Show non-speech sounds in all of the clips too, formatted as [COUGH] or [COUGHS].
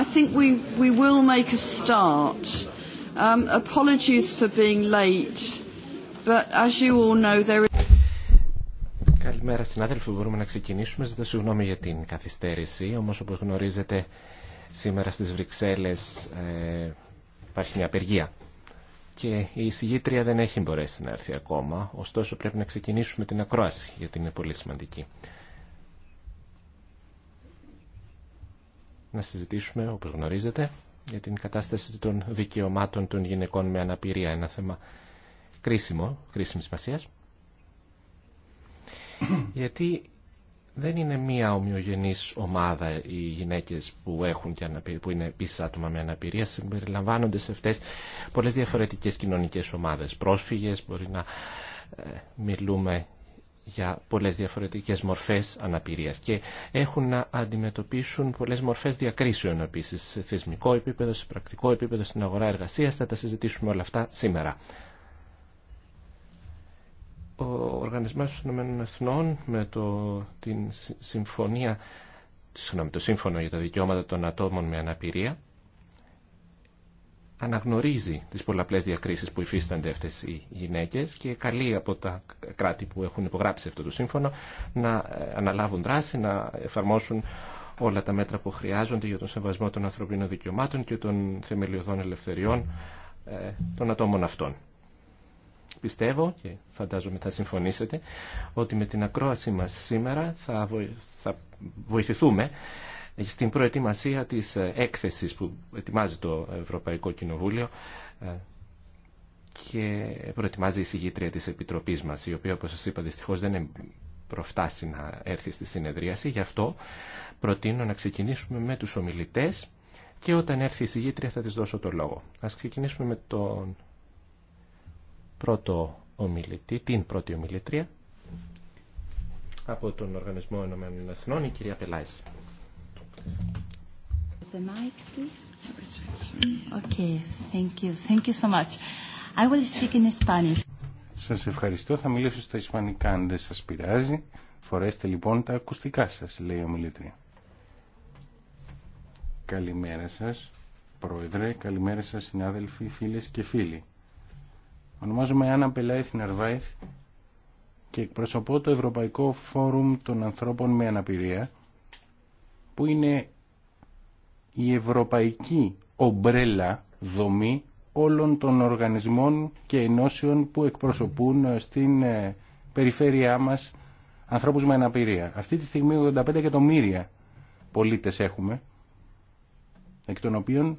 I think we will make a start. Um, apologies for being late, but as you all know there is... Καλημέρα συνάδελφοι, μπορούμε να ξεκινήσουμε. Ζητώ συγγνώμη για την καθυστέρηση, όμως όπως γνωρίζετε σήμερα στις Βρυξέλλες ε, υπάρχει μια απεργία και η εισηγήτρια δεν έχει μπορέσει να έρθει ακόμα, ωστόσο πρέπει να ξεκινήσουμε την ακρόαση γιατί είναι πολύ σημαντική. να συζητήσουμε, όπως γνωρίζετε, για την κατάσταση των δικαιωμάτων των γυναικών με αναπηρία. Ένα θέμα κρίσιμο, κρίσιμη σημασία. Γιατί δεν είναι μία ομοιογενής ομάδα οι γυναίκες που, έχουν και αναπηρία, που είναι επίση άτομα με αναπηρία. Συμπεριλαμβάνονται σε αυτές πολλές διαφορετικές κοινωνικές ομάδες. Πρόσφυγες, μπορεί να ε, μιλούμε για πολλές διαφορετικές μορφές αναπηρίας και έχουν να αντιμετωπίσουν πολλές μορφές διακρίσεων επίσης σε θεσμικό επίπεδο, σε πρακτικό επίπεδο, στην αγορά εργασίας. Θα τα συζητήσουμε όλα αυτά σήμερα. Ο Οργανισμός των Εθνών με το, την συμφωνία, συγγνώμη, το Σύμφωνο για τα Δικαιώματα των Ατόμων με Αναπηρία αναγνωρίζει τις πολλαπλές διακρίσεις που υφίστανται αυτές οι γυναίκες και καλεί από τα κράτη που έχουν υπογράψει αυτό το σύμφωνο να ε, αναλάβουν δράση, να εφαρμόσουν όλα τα μέτρα που χρειάζονται για τον σεβασμό των ανθρωπίνων δικαιωμάτων και των θεμελιωδών ελευθεριών ε, των ατόμων αυτών. Πιστεύω και φαντάζομαι θα συμφωνήσετε ότι με την ακρόαση μας σήμερα θα βοηθηθούμε στην προετοιμασία της ε, έκθεσης που ετοιμάζει το Ευρωπαϊκό Κοινοβούλιο ε, και προετοιμάζει η συγγήτρια της Επιτροπής μας, η οποία όπως σας είπα δυστυχώς δεν προφτάσει να έρθει στη συνεδρίαση. Γι' αυτό προτείνω να ξεκινήσουμε με τους ομιλητές και όταν έρθει η συγγήτρια θα της δώσω το λόγο. Ας ξεκινήσουμε με τον πρώτο ομιλητή, την πρώτη ομιλητρία από τον Οργανισμό Ενωμένων Εθνών, η κυρία Πελάης. The mic, please. Okay, thank you. Thank you so much. I will speak in Spanish. Σας ευχαριστώ. Θα μιλήσω στα ισπανικά αν δεν σας πειράζει. Φορέστε λοιπόν τα ακουστικά σας, λέει ο μιλήτρια. Καλημέρα σας, πρόεδρε. Καλημέρα σας, συνάδελφοι, φίλες και φίλοι. Ονομάζομαι Άννα Πελάιθ Ναρβάιθ και εκπροσωπώ το Ευρωπαϊκό Φόρουμ των Ανθρώπων με Αναπηρία που είναι η ευρωπαϊκή ομπρέλα δομή όλων των οργανισμών και ενώσεων που εκπροσωπούν ε, στην ε, περιφέρειά μας ανθρώπους με αναπηρία. Αυτή τη στιγμή 85 εκατομμύρια πολίτες έχουμε, εκ των οποίων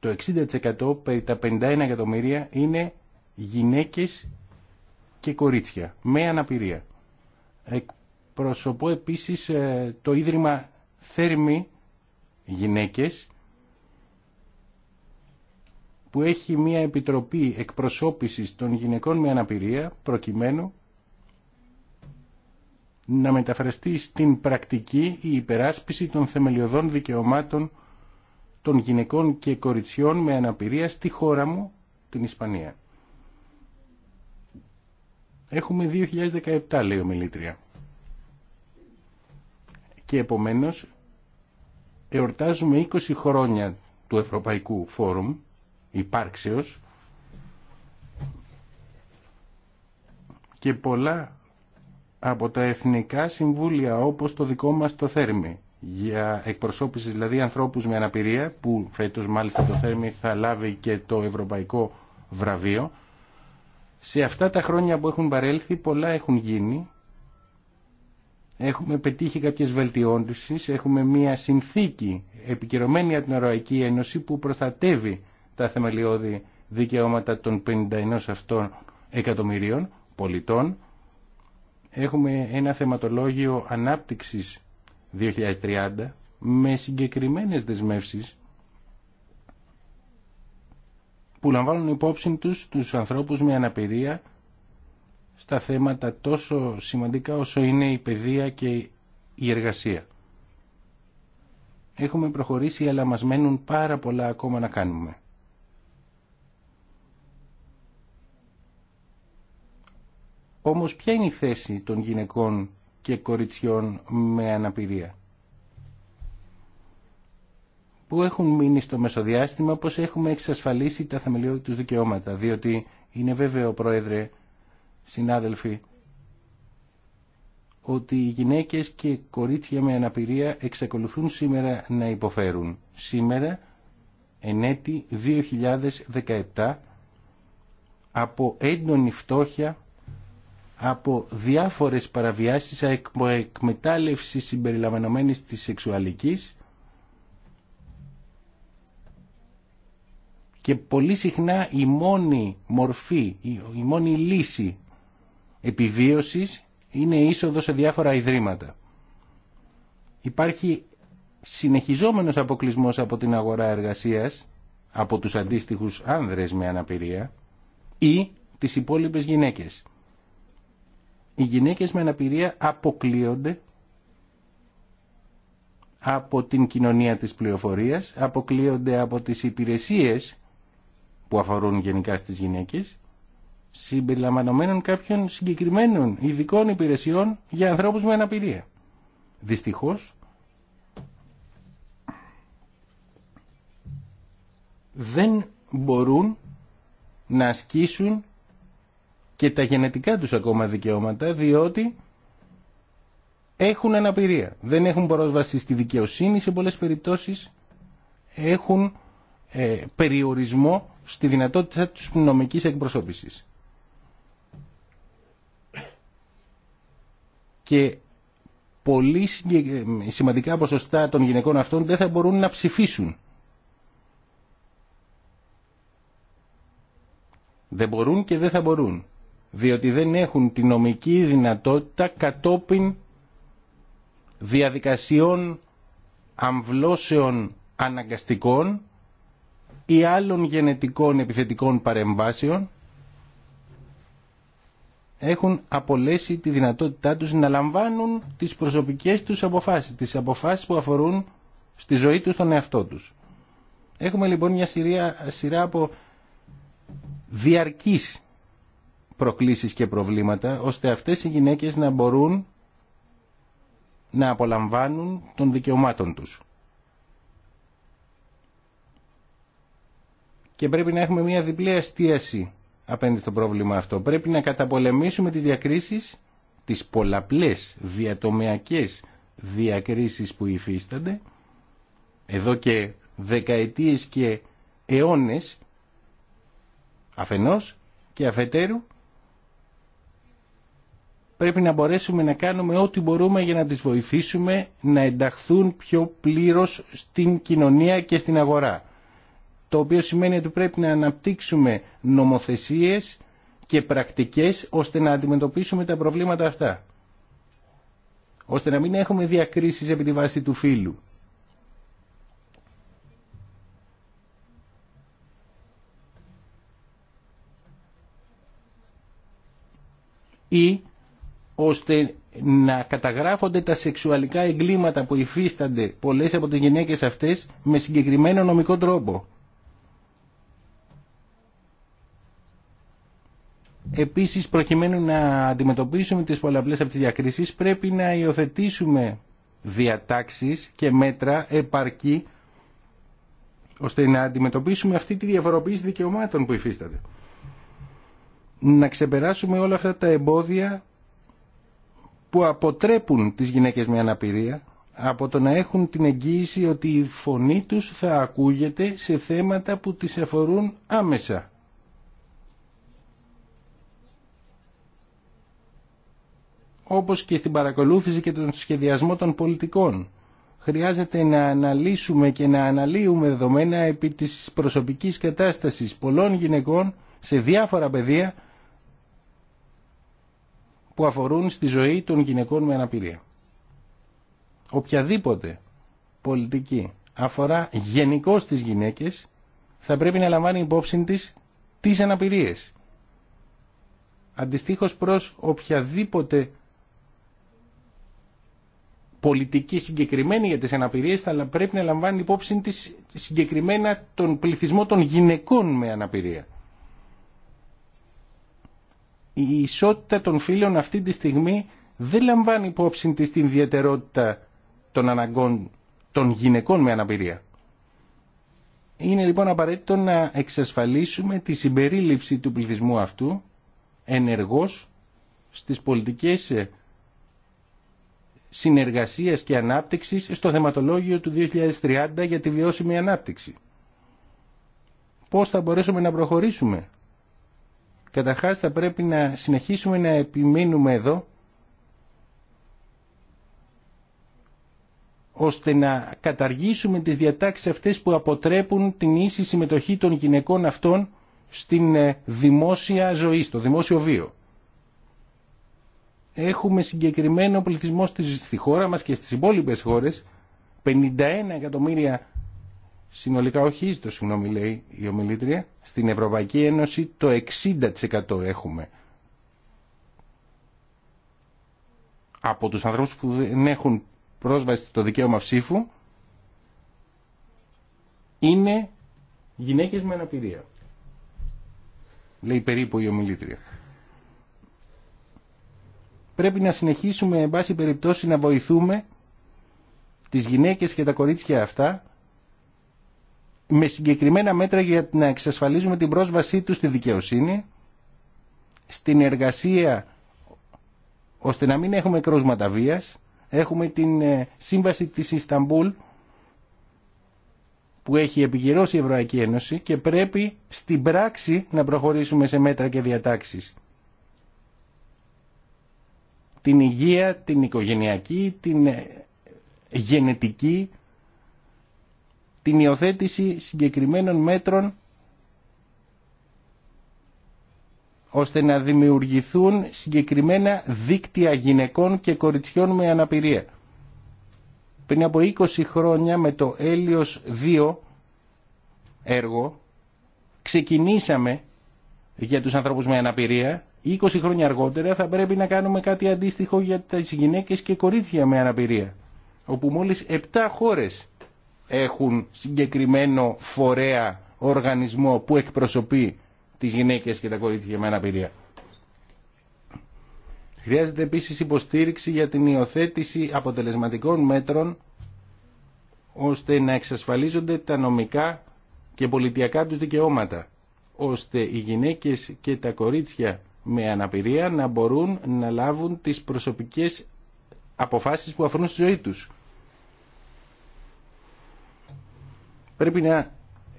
το 60% περί τα 51 εκατομμύρια είναι γυναίκες και κορίτσια με αναπηρία. Προσωπώ επίσης ε, το Ίδρυμα Θέρμη Γυναίκες που έχει μια επιτροπή εκπροσώπησης των γυναικών με αναπηρία προκειμένου να μεταφραστεί στην πρακτική η υπεράσπιση των θεμελιωδών δικαιωμάτων των γυναικών και κοριτσιών με αναπηρία στη χώρα μου, την Ισπανία. Έχουμε 2017, λέει ο Μιλήτρια και επομένως εορτάζουμε 20 χρόνια του Ευρωπαϊκού Φόρουμ υπάρξεως και πολλά από τα εθνικά συμβούλια όπως το δικό μας το Θέρμη για εκπροσώπηση δηλαδή ανθρώπους με αναπηρία που φέτος μάλιστα το Θέρμη θα λάβει και το Ευρωπαϊκό Βραβείο σε αυτά τα χρόνια που έχουν παρέλθει πολλά έχουν γίνει έχουμε πετύχει κάποιες βελτιώσεις, έχουμε μια συνθήκη επικυρωμένη από την Ευρωπαϊκή Ένωση που προστατεύει τα θεμελιώδη δικαιώματα των 51 αυτών εκατομμυρίων πολιτών. Έχουμε ένα θεματολόγιο ανάπτυξης 2030 με συγκεκριμένες δεσμεύσεις που λαμβάνουν υπόψη τους τους ανθρώπους με αναπηρία στα θέματα τόσο σημαντικά όσο είναι η παιδεία και η εργασία. Έχουμε προχωρήσει αλλά μας μένουν πάρα πολλά ακόμα να κάνουμε. Όμως ποια είναι η θέση των γυναικών και κοριτσιών με αναπηρία που έχουν μείνει στο μεσοδιάστημα πως έχουμε εξασφαλίσει τα θεμελιώδη τους δικαιώματα διότι είναι βέβαιο πρόεδρε συνάδελφοι, ότι οι γυναίκες και κορίτσια με αναπηρία εξακολουθούν σήμερα να υποφέρουν. Σήμερα, εν έτη 2017, από έντονη φτώχεια, από διάφορες παραβιάσεις εκμετάλλευση συμπεριλαμβανομένης της σεξουαλικής και πολύ συχνά η μόνη μορφή, η μόνη λύση επιβίωσης είναι είσοδο σε διάφορα ιδρύματα. Υπάρχει συνεχιζόμενος αποκλεισμός από την αγορά εργασίας από τους αντίστοιχους άνδρες με αναπηρία ή τις υπόλοιπες γυναίκες. Οι γυναίκες με αναπηρία αποκλείονται από την κοινωνία της πληροφορίας, αποκλείονται από τις υπηρεσίες που αφορούν γενικά στις γυναίκες συμπεριλαμβανομένων κάποιων συγκεκριμένων ειδικών υπηρεσιών για ανθρώπους με αναπηρία. Δυστυχώς, δεν μπορούν να ασκήσουν και τα γενετικά τους ακόμα δικαιώματα, διότι έχουν αναπηρία. Δεν έχουν πρόσβαση στη δικαιοσύνη, σε πολλές περιπτώσεις έχουν ε, περιορισμό στη δυνατότητα τους νομικής εκπροσώπησης. και πολύ σημαντικά ποσοστά των γυναικών αυτών δεν θα μπορούν να ψηφίσουν. Δεν μπορούν και δεν θα μπορούν, διότι δεν έχουν τη νομική δυνατότητα κατόπιν διαδικασιών αμβλώσεων αναγκαστικών ή άλλων γενετικών επιθετικών παρεμβάσεων έχουν απολέσει τη δυνατότητά τους να λαμβάνουν τις προσωπικές τους αποφάσεις, τις αποφάσεις που αφορούν στη ζωή τους τον εαυτό τους. Έχουμε λοιπόν μια σειρά, σειρά από διαρκείς προκλήσεις και προβλήματα, ώστε αυτές οι γυναίκες να μπορούν να απολαμβάνουν των δικαιωμάτων τους. Και πρέπει να έχουμε μια διπλή αστίαση απέναντι στο πρόβλημα αυτό. Πρέπει να καταπολεμήσουμε τις διακρίσεις, τις πολλαπλές διατομιακές διακρίσεις που υφίστανται εδώ και δεκαετίες και αιώνες αφενός και αφετέρου πρέπει να μπορέσουμε να κάνουμε ό,τι μπορούμε για να τις βοηθήσουμε να ενταχθούν πιο πλήρως στην κοινωνία και στην αγορά το οποίο σημαίνει ότι πρέπει να αναπτύξουμε νομοθεσίες και πρακτικές ώστε να αντιμετωπίσουμε τα προβλήματα αυτά. Ώστε να μην έχουμε διακρίσεις επί τη βάση του φύλου. Ή ώστε να καταγράφονται τα σεξουαλικά εγκλήματα που υφίστανται πολλές από τις γυναίκες αυτές με συγκεκριμένο νομικό τρόπο. Επίσης, προκειμένου να αντιμετωπίσουμε τις πολλαπλές αυτέ διακρίσει, πρέπει να υιοθετήσουμε διατάξεις και μέτρα επαρκή ώστε να αντιμετωπίσουμε αυτή τη διαφοροποίηση δικαιωμάτων που υφίσταται. Να ξεπεράσουμε όλα αυτά τα εμπόδια που αποτρέπουν τις γυναίκες με αναπηρία από το να έχουν την εγγύηση ότι η φωνή τους θα ακούγεται σε θέματα που τις αφορούν άμεσα όπως και στην παρακολούθηση και τον σχεδιασμό των πολιτικών. Χρειάζεται να αναλύσουμε και να αναλύουμε δεδομένα επί της προσωπικής κατάστασης πολλών γυναικών σε διάφορα πεδία που αφορούν στη ζωή των γυναικών με αναπηρία. Οποιαδήποτε πολιτική αφορά γενικώ τις γυναίκες θα πρέπει να λαμβάνει υπόψη της τις αναπηρίες. Αντιστοίχως προς οποιαδήποτε πολιτική συγκεκριμένη για τις αναπηρίες, αλλά πρέπει να λαμβάνει υπόψη της συγκεκριμένα τον πληθυσμό των γυναικών με αναπηρία. Η ισότητα των φίλων αυτή τη στιγμή δεν λαμβάνει υπόψη της την ιδιαιτερότητα των αναγκών των γυναικών με αναπηρία. Είναι λοιπόν απαραίτητο να εξασφαλίσουμε τη συμπερίληψη του πληθυσμού αυτού ενεργώς στις πολιτικές ε, συνεργασίας και ανάπτυξης στο θεματολόγιο του 2030 για τη βιώσιμη ανάπτυξη. Πώς θα μπορέσουμε να προχωρήσουμε. Καταρχάς θα πρέπει να συνεχίσουμε να επιμείνουμε εδώ ώστε να καταργήσουμε τις διατάξεις αυτές που αποτρέπουν την ίση συμμετοχή των γυναικών αυτών στην ε, δημόσια ζωή, στο δημόσιο βίο έχουμε συγκεκριμένο πληθυσμό στη χώρα μας και στις υπόλοιπες χώρες 51 εκατομμύρια συνολικά όχι στο συγγνώμη λέει η ομιλήτρια στην Ευρωπαϊκή Ένωση το 60% έχουμε από τους ανθρώπους που δεν έχουν πρόσβαση στο δικαίωμα ψήφου είναι γυναίκες με αναπηρία λέει περίπου η ομιλήτρια πρέπει να συνεχίσουμε εν πάση περιπτώσει να βοηθούμε τις γυναίκες και τα κορίτσια αυτά με συγκεκριμένα μέτρα για να εξασφαλίζουμε την πρόσβασή τους στη δικαιοσύνη, στην εργασία ώστε να μην έχουμε κρούσματα βίας. Έχουμε την ε, σύμβαση της Ισταμπούλ που έχει επικυρώσει η Ευρωπαϊκή Ένωση και πρέπει στην πράξη να προχωρήσουμε σε μέτρα και διατάξεις την υγεία, την οικογενειακή, την ε, γενετική, την υιοθέτηση συγκεκριμένων μέτρων ώστε να δημιουργηθούν συγκεκριμένα δίκτυα γυναικών και κοριτσιών με αναπηρία. Πριν από 20 χρόνια με το Έλιος 2 έργο ξεκινήσαμε για τους ανθρώπους με αναπηρία 20 χρόνια αργότερα θα πρέπει να κάνουμε κάτι αντίστοιχο για τις γυναίκες και κορίτσια με αναπηρία, όπου μόλις 7 χώρες έχουν συγκεκριμένο φορέα, οργανισμό που εκπροσωπεί τις γυναίκες και τα κορίτσια με αναπηρία. Χρειάζεται επίσης υποστήριξη για την υιοθέτηση αποτελεσματικών μέτρων ώστε να εξασφαλίζονται τα νομικά και πολιτιακά τους δικαιώματα, ώστε οι γυναίκες και τα κορίτσια με αναπηρία να μπορούν να λάβουν τις προσωπικές αποφάσεις που αφορούν στη ζωή τους. Πρέπει να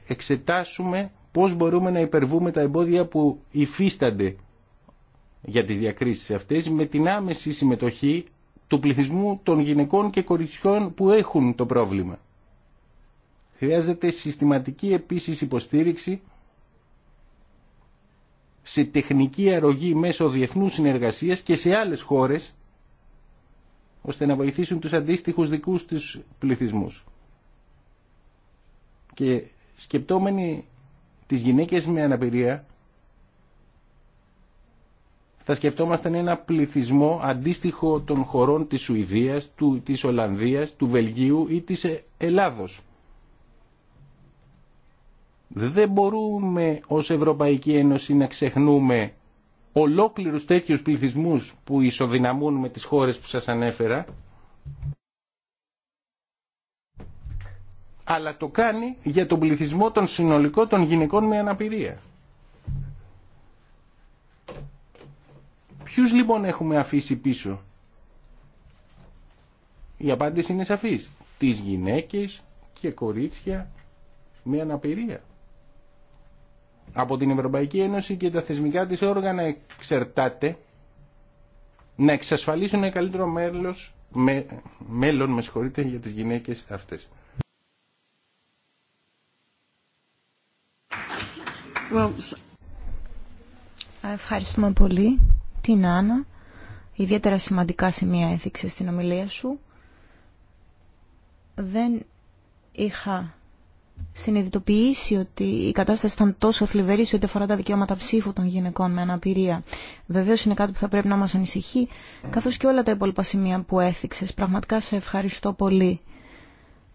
εξετάσουμε πώς μπορούμε να υπερβούμε τα εμπόδια που υφίστανται για τις διακρίσεις αυτές με την άμεση συμμετοχή του πληθυσμού των γυναικών και κοριτσιών που έχουν το πρόβλημα. Χρειάζεται συστηματική επίσης υποστήριξη σε τεχνική αρρωγή μέσω διεθνούς συνεργασίας και σε άλλες χώρες ώστε να βοηθήσουν τους αντίστοιχους δικούς τους πληθυσμούς. Και σκεπτόμενοι τις γυναίκες με αναπηρία θα σκεφτόμασταν ένα πληθυσμό αντίστοιχο των χωρών της Σουηδίας, του, της Ολλανδίας, του Βελγίου ή της ε, Ελλάδος δεν μπορούμε ως Ευρωπαϊκή Ένωση να ξεχνούμε ολόκληρους τέτοιους πληθυσμούς που ισοδυναμούν με τις χώρες που σας ανέφερα. Αλλά το κάνει για τον πληθυσμό των συνολικών των γυναικών με αναπηρία. Ποιους λοιπόν έχουμε αφήσει πίσω. Η απάντηση είναι σαφής. Τις γυναίκες και κορίτσια με αναπηρία από την Ευρωπαϊκή Ένωση και τα θεσμικά της όργανα εξερτάται να εξασφαλίσουν ένα καλύτερο μέλος, με, μέλλον με για τις γυναίκες αυτές. ευχαριστούμε πολύ την Άννα. Ιδιαίτερα σημαντικά σημεία έθιξε στην ομιλία σου. Δεν είχα συνειδητοποιήσει ότι η κατάσταση ήταν τόσο θλιβερή σε ό,τι αφορά τα δικαιώματα ψήφου των γυναικών με αναπηρία. Βεβαίω είναι κάτι που θα πρέπει να μα ανησυχεί, καθώ και όλα τα υπόλοιπα σημεία που έθιξε. Πραγματικά σε ευχαριστώ πολύ.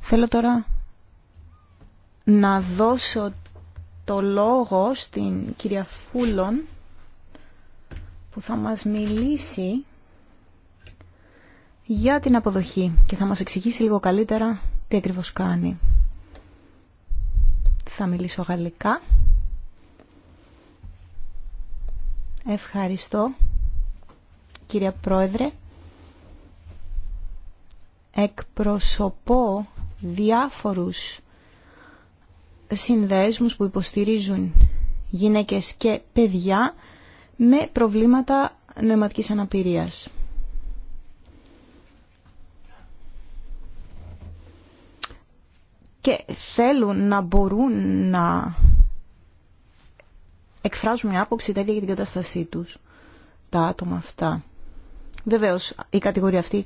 Θέλω τώρα να δώσω το λόγο στην κυρία Φούλων που θα μας μιλήσει για την αποδοχή και θα μας εξηγήσει λίγο καλύτερα τι ακριβώς κάνει. Θα μιλήσω γαλλικά. Ευχαριστώ, κυρία Πρόεδρε. Εκπροσωπώ διάφορους συνδέσμους που υποστηρίζουν γυναίκες και παιδιά με προβλήματα νοηματικής αναπηρίας. και θέλουν να μπορούν να εκφράζουν μια άποψη τέτοια για την κατάστασή τους τα άτομα αυτά. Βεβαίως η κατηγορία αυτή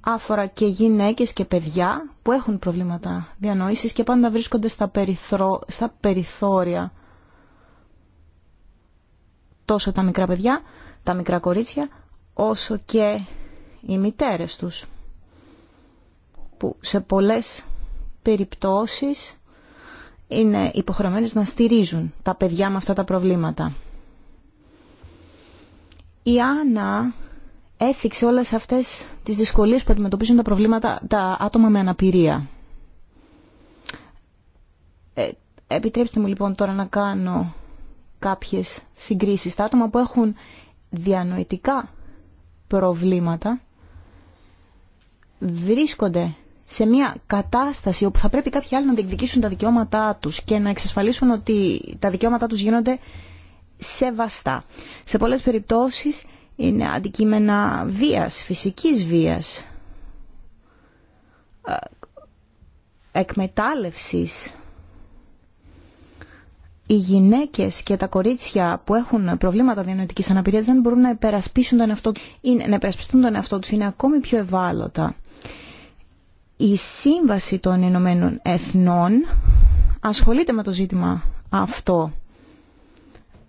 άφορα και γυναίκες και παιδιά που έχουν προβλήματα διανόησης και πάντα βρίσκονται στα, περιθρό, στα περιθώρια τόσο τα μικρά παιδιά, τα μικρά κορίτσια, όσο και οι μητέρες τους που σε πολλές περιπτώσεις είναι υποχρεωμένες να στηρίζουν τα παιδιά με αυτά τα προβλήματα. Η Άννα έθιξε όλες αυτές τις δυσκολίες που αντιμετωπίζουν τα προβλήματα τα άτομα με αναπηρία. Ε, επιτρέψτε μου λοιπόν τώρα να κάνω κάποιες συγκρίσεις. Τα άτομα που έχουν διανοητικά προβλήματα βρίσκονται σε μια κατάσταση όπου θα πρέπει κάποιοι άλλοι να διεκδικήσουν τα δικαιώματά τους και να εξασφαλίσουν ότι τα δικαιώματά τους γίνονται σεβαστά. Σε πολλές περιπτώσεις είναι αντικείμενα βίας, φυσικής βίας, ε, εκμετάλλευσης. Οι γυναίκες και τα κορίτσια που έχουν προβλήματα διανοητικής αναπηρίας δεν μπορούν να υπερασπίσουν τον εαυτό, είναι, να τον εαυτό τους, είναι ακόμη πιο ευάλωτα η Σύμβαση των Ηνωμένων Εθνών ασχολείται με το ζήτημα αυτό.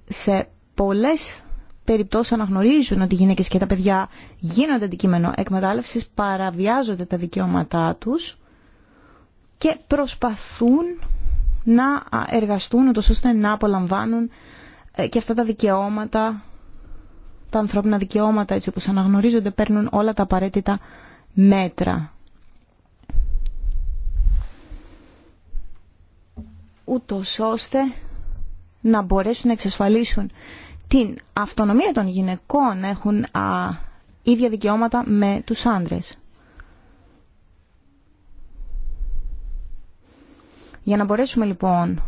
Σε πολλές περιπτώσεις αναγνωρίζουν ότι οι γυναίκες και τα παιδιά γίνονται αντικείμενο εκμετάλλευσης, παραβιάζονται τα δικαιώματά τους και προσπαθούν να εργαστούν ώστε να απολαμβάνουν ε, και αυτά τα δικαιώματα, τα ανθρώπινα δικαιώματα έτσι όπως αναγνωρίζονται, παίρνουν όλα τα απαραίτητα μέτρα. ούτω ώστε να μπορέσουν να εξασφαλίσουν την αυτονομία των γυναικών έχουν α, ίδια δικαιώματα με τους άντρες. Για να μπορέσουμε λοιπόν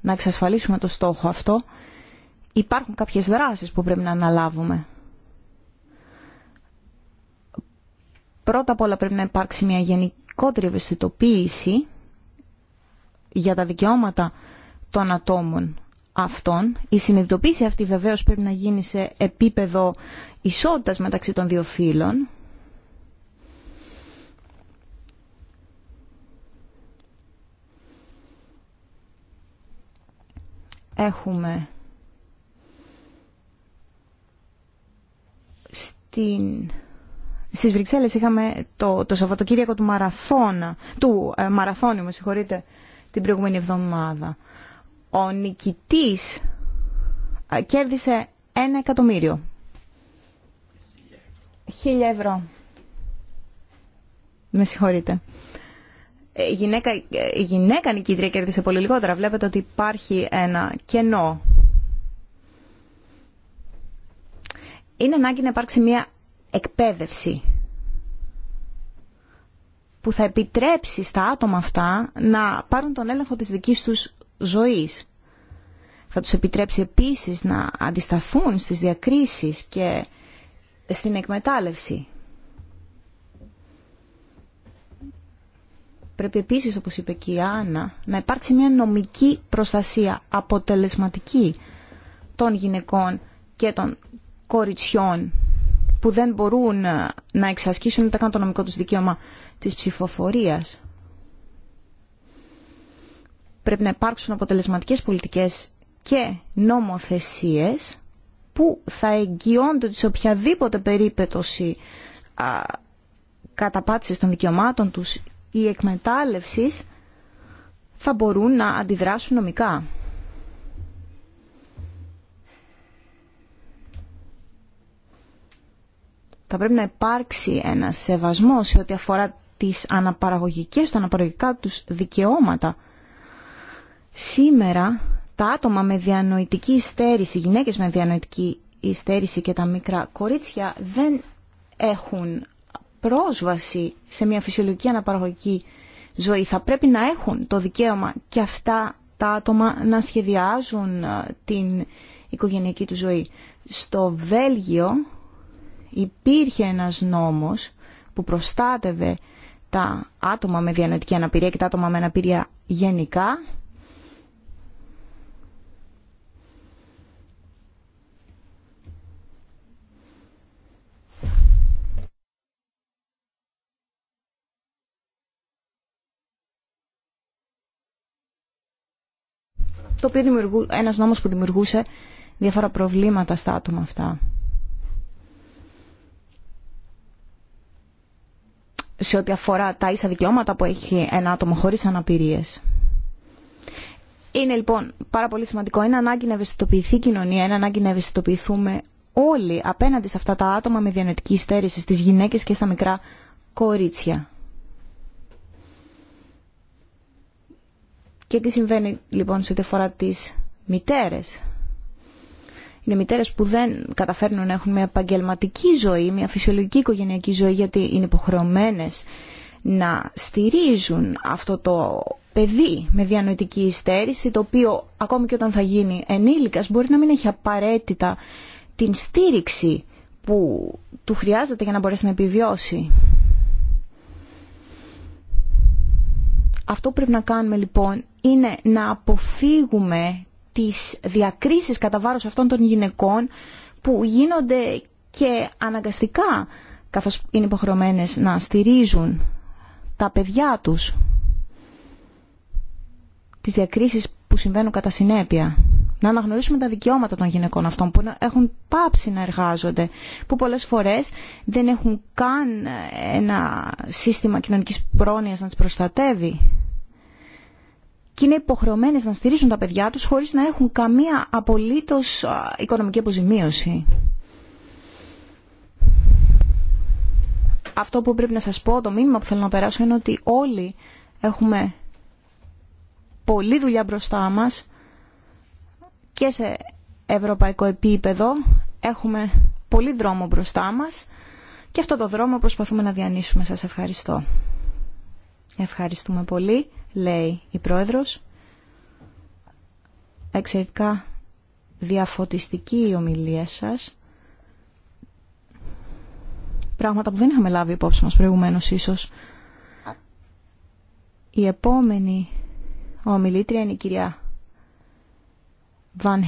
να εξασφαλίσουμε το στόχο αυτό, υπάρχουν κάποιες δράσεις που πρέπει να αναλάβουμε. Πρώτα απ' όλα πρέπει να υπάρξει μια γενικότερη ευαισθητοποίηση για τα δικαιώματα των ατόμων αυτών. Η συνειδητοποίηση αυτή βεβαίως πρέπει να γίνει σε επίπεδο ισότητας μεταξύ των δύο φύλων. Έχουμε στην... Στις Βρυξέλλες είχαμε το, το Σαββατοκύριακο του Μαραθώνα, του ε, Μαραθώνιου, με συγχωρείτε, την προηγούμενη εβδομάδα. Ο νικητής κέρδισε ένα εκατομμύριο. Χίλια ευρώ. Με συγχωρείτε. Ε, η γυναίκα, ε, η γυναίκα νικήτρια κέρδισε πολύ λιγότερα. Βλέπετε ότι υπάρχει ένα κενό. Είναι ανάγκη να υπάρξει μια εκπαίδευση που θα επιτρέψει στα άτομα αυτά να πάρουν τον έλεγχο της δικής τους ζωής. Θα τους επιτρέψει επίσης να αντισταθούν στις διακρίσεις και στην εκμετάλλευση. Πρέπει επίσης, όπως είπε και η Άννα, να υπάρξει μια νομική προστασία αποτελεσματική των γυναικών και των κοριτσιών που δεν μπορούν να εξασκήσουν ούτε καν το νομικό τους δικαίωμα της ψηφοφορίας. Πρέπει να υπάρξουν αποτελεσματικές πολιτικές και νόμοθεσίες που θα εγγυώνται σε οποιαδήποτε περίπτωση καταπάτησης των δικαιωμάτων τους ή εκμετάλλευσης θα μπορούν να αντιδράσουν νομικά. Θα πρέπει να υπάρξει ένα σεβασμό σε ό,τι αφορά τις αναπαραγωγικές, τα αναπαραγωγικά τους δικαιώματα. Σήμερα τα άτομα με διανοητική υστέρηση, γυναίκες με διανοητική υστέρηση και τα μικρά κορίτσια δεν έχουν πρόσβαση σε μια φυσιολογική αναπαραγωγική ζωή. Θα πρέπει να έχουν το δικαίωμα και αυτά τα άτομα να σχεδιάζουν ε, την οικογενειακή του ζωή. Στο Βέλγιο υπήρχε ένας νόμος που προστάτευε τα άτομα με διανοητική αναπηρία και τα άτομα με αναπηρία γενικά. το οποίο δημιουργού, ένας νόμος που δημιουργούσε διάφορα προβλήματα στα άτομα αυτά. σε ό,τι αφορά τα ίσα δικαιώματα που έχει ένα άτομο χωρίς αναπηρίες. Είναι λοιπόν πάρα πολύ σημαντικό, είναι ανάγκη να ευαισθητοποιηθεί η κοινωνία, είναι ανάγκη να ευαισθητοποιηθούμε όλοι απέναντι σε αυτά τα άτομα με διανοητική στέρηση, στις γυναίκες και στα μικρά κορίτσια. Και τι συμβαίνει λοιπόν σε ό,τι αφορά τις μητέρες είναι μητέρε που δεν καταφέρνουν να έχουν μια επαγγελματική ζωή, μια φυσιολογική οικογενειακή ζωή γιατί είναι υποχρεωμένε να στηρίζουν αυτό το παιδί με διανοητική υστέρηση το οποίο ακόμη και όταν θα γίνει ενήλικας μπορεί να μην έχει απαραίτητα την στήριξη που του χρειάζεται για να μπορέσει να επιβιώσει. Αυτό που πρέπει να κάνουμε λοιπόν είναι να αποφύγουμε τις διακρίσεις κατά βάρος αυτών των γυναικών που γίνονται και αναγκαστικά καθώς είναι υποχρεωμένες να στηρίζουν τα παιδιά τους τις διακρίσεις που συμβαίνουν κατά συνέπεια. Να αναγνωρίσουμε τα δικαιώματα των γυναικών αυτών που έχουν πάψει να εργάζονται, που πολλές φορές δεν έχουν καν ένα σύστημα κοινωνικής πρόνοιας να τις προστατεύει και είναι υποχρεωμένες να στηρίζουν τα παιδιά τους χωρίς να έχουν καμία απολύτως οικονομική αποζημίωση. Αυτό που πρέπει να σας πω, το μήνυμα που θέλω να περάσω είναι ότι όλοι έχουμε πολλή δουλειά μπροστά μας και σε ευρωπαϊκό επίπεδο έχουμε πολύ δρόμο μπροστά μας και αυτό το δρόμο προσπαθούμε να διανύσουμε. Σας ευχαριστώ. Ευχαριστούμε πολύ λέει η Πρόεδρος. Εξαιρετικά διαφωτιστική η ομιλία σας. Πράγματα που δεν είχαμε λάβει υπόψη μας προηγουμένως ίσως. Η επόμενη ομιλήτρια είναι η κυρία Βαν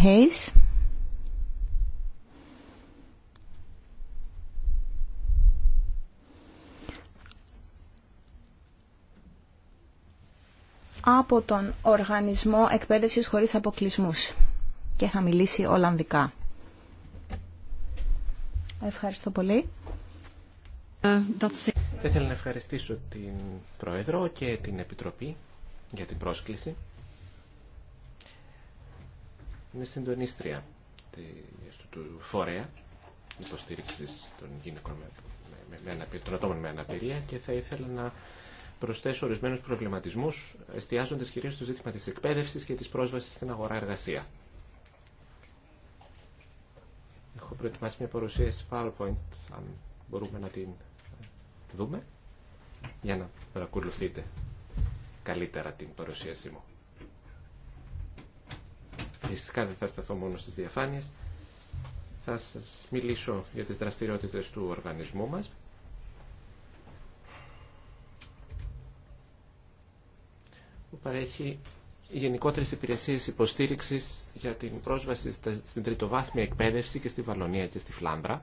από τον Οργανισμό Εκπαίδευσης Χωρίς Αποκλεισμούς και θα μιλήσει Ολλανδικά. Ευχαριστώ πολύ. Ε, θα ήθελα να ευχαριστήσω την Πρόεδρο και την Επιτροπή για την πρόσκληση. Είμαι συντονίστρια του φορέα υποστήριξης των γυναικών με, με, με, των ατόμων με αναπηρία και θα ήθελα να προσθέσω ορισμένου προβληματισμού, εστιάζοντα κυρίω στο ζήτημα τη εκπαίδευση και τη πρόσβαση στην αγορά εργασία. Έχω προετοιμάσει μια παρουσίαση PowerPoint, αν μπορούμε να την ε, δούμε, για να παρακολουθείτε καλύτερα την παρουσίασή μου. Φυσικά δεν θα σταθώ μόνο στις διαφάνειες. Θα σας μιλήσω για τις δραστηριότητες του οργανισμού μας, παρέχει γενικότερε υπηρεσίε υποστήριξη για την πρόσβαση στην τριτοβάθμια εκπαίδευση και στη Βαλονία και στη Φλάνδρα.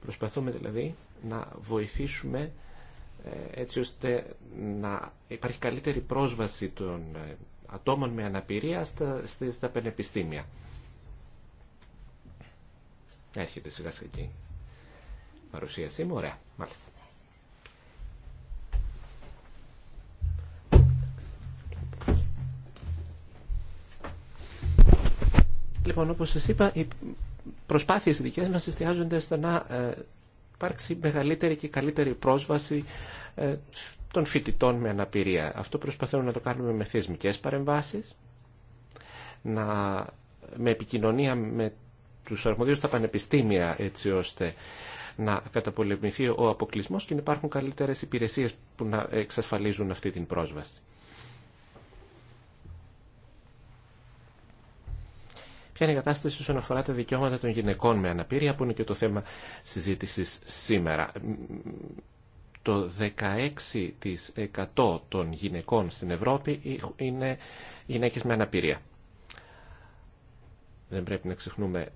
Προσπαθούμε δηλαδή να βοηθήσουμε ε, έτσι ώστε να υπάρχει καλύτερη πρόσβαση των ε, ατόμων με αναπηρία στα, στα πανεπιστήμια. Έρχεται σιγά σιγά εκεί. Παρουσίασή μου, ωραία, μάλιστα. Λοιπόν, όπως σας είπα, οι προσπάθειες δικές μας εστιάζονται στο να ε, υπάρξει μεγαλύτερη και καλύτερη πρόσβαση ε, των φοιτητών με αναπηρία. Αυτό προσπαθούμε να το κάνουμε με θεσμικές παρεμβάσεις, να, με επικοινωνία με τους αρμοδίους στα πανεπιστήμια έτσι ώστε να καταπολεμηθεί ο αποκλεισμός και να υπάρχουν καλύτερες υπηρεσίες που να εξασφαλίζουν αυτή την πρόσβαση. ποια είναι η κατάσταση όσον αφορά τα δικαιώματα των γυναικών με αναπηρία, που είναι και το θέμα συζήτησης σήμερα. Το 16% των γυναικών στην Ευρώπη είναι γυναίκες με αναπηρία. Δεν πρέπει να ξεχνούμε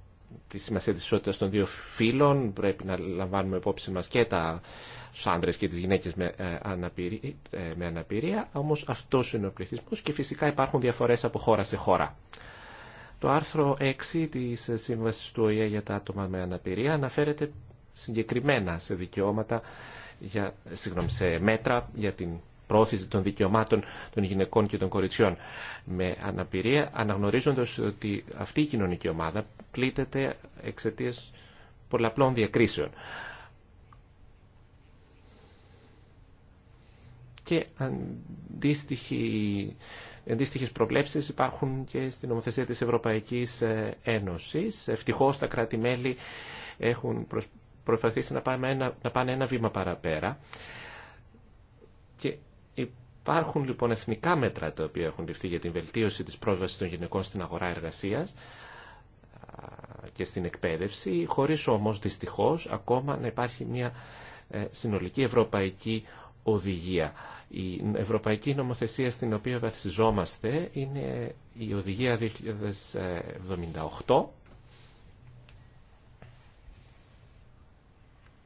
τη σημασία της ισότητας των δύο φύλων. Πρέπει να λαμβάνουμε υπόψη μας και τα τους και τις γυναίκες με, ε, αναπηρία, ε, με αναπηρία. Όμως αυτός είναι ο πληθυσμός και φυσικά υπάρχουν διαφορές από χώρα σε χώρα. Το άρθρο 6 της Σύμβασης του ΟΗΕ για τα άτομα με αναπηρία αναφέρεται συγκεκριμένα σε δικαιώματα, για, συγγνώμη, σε μέτρα για την πρόθεση των δικαιωμάτων των γυναικών και των κοριτσιών με αναπηρία, αναγνωρίζοντας ότι αυτή η κοινωνική ομάδα πλήττεται εξαιτίας πολλαπλών διακρίσεων. και Αντίστοιχε προβλέψει υπάρχουν και στην νομοθεσία τη Ευρωπαϊκή ε, Ένωση. Ευτυχώ τα κράτη-μέλη έχουν προσπαθήσει να πάνε, ένα, να πάνε ένα βήμα παραπέρα. Και υπάρχουν λοιπόν εθνικά μέτρα τα οποία έχουν ληφθεί για την βελτίωση τη πρόσβαση των γυναικών στην αγορά εργασία και στην εκπαίδευση, χωρί όμω δυστυχώ ακόμα να υπάρχει μια ε, συνολική ευρωπαϊκή οδηγία. Η ευρωπαϊκή νομοθεσία στην οποία βασιζόμαστε είναι η οδηγία 2078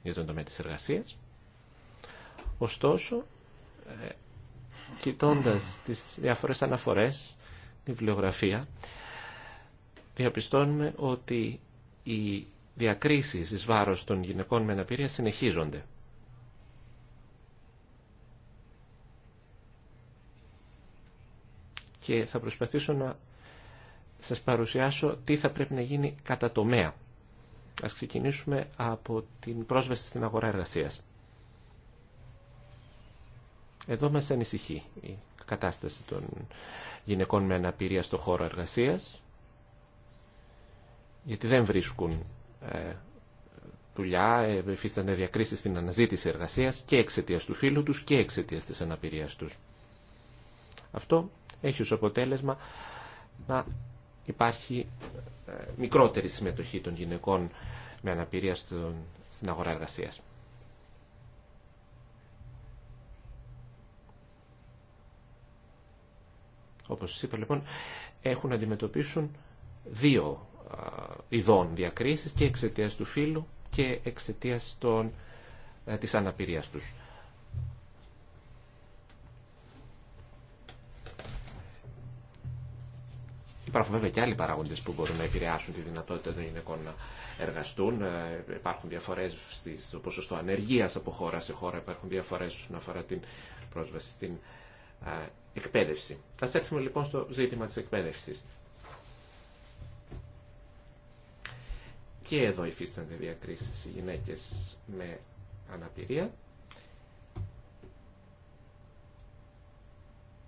για τον τομέα της εργασίας. Ωστόσο, ε, κοιτώντας τις διάφορες αναφορές, τη βιβλιογραφία, διαπιστώνουμε ότι οι διακρίσεις εις βάρος των γυναικών με αναπηρία συνεχίζονται. και θα προσπαθήσω να σας παρουσιάσω τι θα πρέπει να γίνει κατά τομέα. Ας ξεκινήσουμε από την πρόσβαση στην αγορά εργασίας. Εδώ μας ανησυχεί η κατάσταση των γυναικών με αναπηρία στο χώρο εργασίας, γιατί δεν βρίσκουν ε, δουλειά, ε, υφίστανται διακρίσεις στην αναζήτηση εργασίας και εξαιτία του φίλου τους και εξαιτία της αναπηρίας τους. Αυτό έχει ως αποτέλεσμα να υπάρχει ε, μικρότερη συμμετοχή των γυναικών με αναπηρία στην αγορά εργασίας. Όπως σας είπα λοιπόν, έχουν να αντιμετωπίσουν δύο ε, ειδών διακρίσεις και εξαιτία του φύλου και εξαιτία των ε, της αναπηρίας τους. Υπάρχουν βέβαια και άλλοι παράγοντες που μπορούν να επηρεάσουν τη δυνατότητα των γυναικών να εργαστούν. Ε, υπάρχουν διαφορές στο ποσοστό ανεργία από χώρα σε χώρα, υπάρχουν διαφορές όσον αφορά την πρόσβαση στην ε, εκπαίδευση. Θα έρθουμε λοιπόν στο ζήτημα της εκπαίδευση. Και εδώ υφίστανται διακρίσει οι γυναίκε με αναπηρία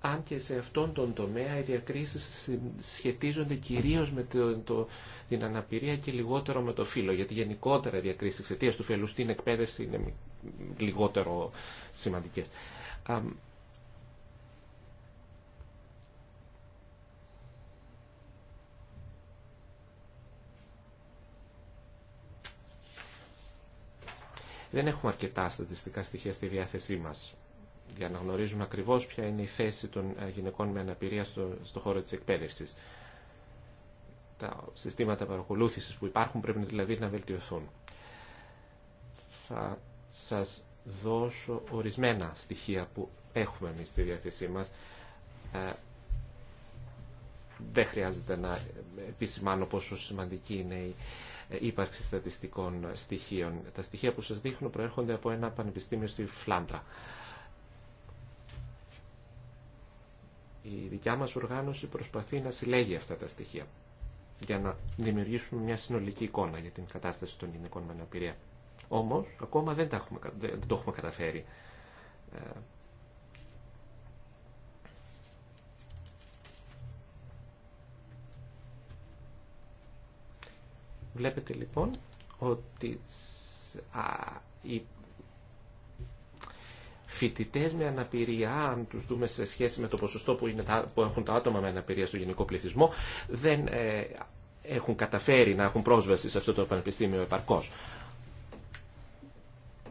αν και σε αυτόν τον τομέα οι διακρίσει σχετίζονται κυρίως με το, την αναπηρία και λιγότερο με το φύλλο, γιατί γενικότερα οι διακρίσεις εξαιτία του φύλλου στην εκπαίδευση είναι λιγότερο σημαντικές. Δεν έχουμε αρκετά στατιστικά στοιχεία στη διάθεσή μας για να γνωρίζουν ακριβώ ποια είναι η θέση των ε, γυναικών με αναπηρία στο, στο χώρο τη εκπαίδευση. Τα συστήματα παρακολούθηση που υπάρχουν πρέπει δηλαδή να βελτιωθούν. Θα σα δώσω ορισμένα στοιχεία που έχουμε εμεί στη διάθεσή μας. Ε, δεν χρειάζεται να επισημάνω πόσο σημαντική είναι η ε, ύπαρξη στατιστικών στοιχείων. Τα στοιχεία που σας δείχνω προέρχονται από ένα πανεπιστήμιο στη Φλάντρα. Η δικιά μας οργάνωση προσπαθεί να συλλέγει αυτά τα στοιχεία για να δημιουργήσουμε μια συνολική εικόνα για την κατάσταση των γυναικών με αναπηρία. Όμως, ακόμα δεν, τα έχουμε, δεν το έχουμε καταφέρει. Ε, βλέπετε λοιπόν ότι η φοιτητέ με αναπηρία, αν του δούμε σε σχέση με το ποσοστό που, είναι τα, που έχουν τα άτομα με αναπηρία στο γενικό πληθυσμό, δεν ε, έχουν καταφέρει να έχουν πρόσβαση σε αυτό το πανεπιστήμιο επαρκώ.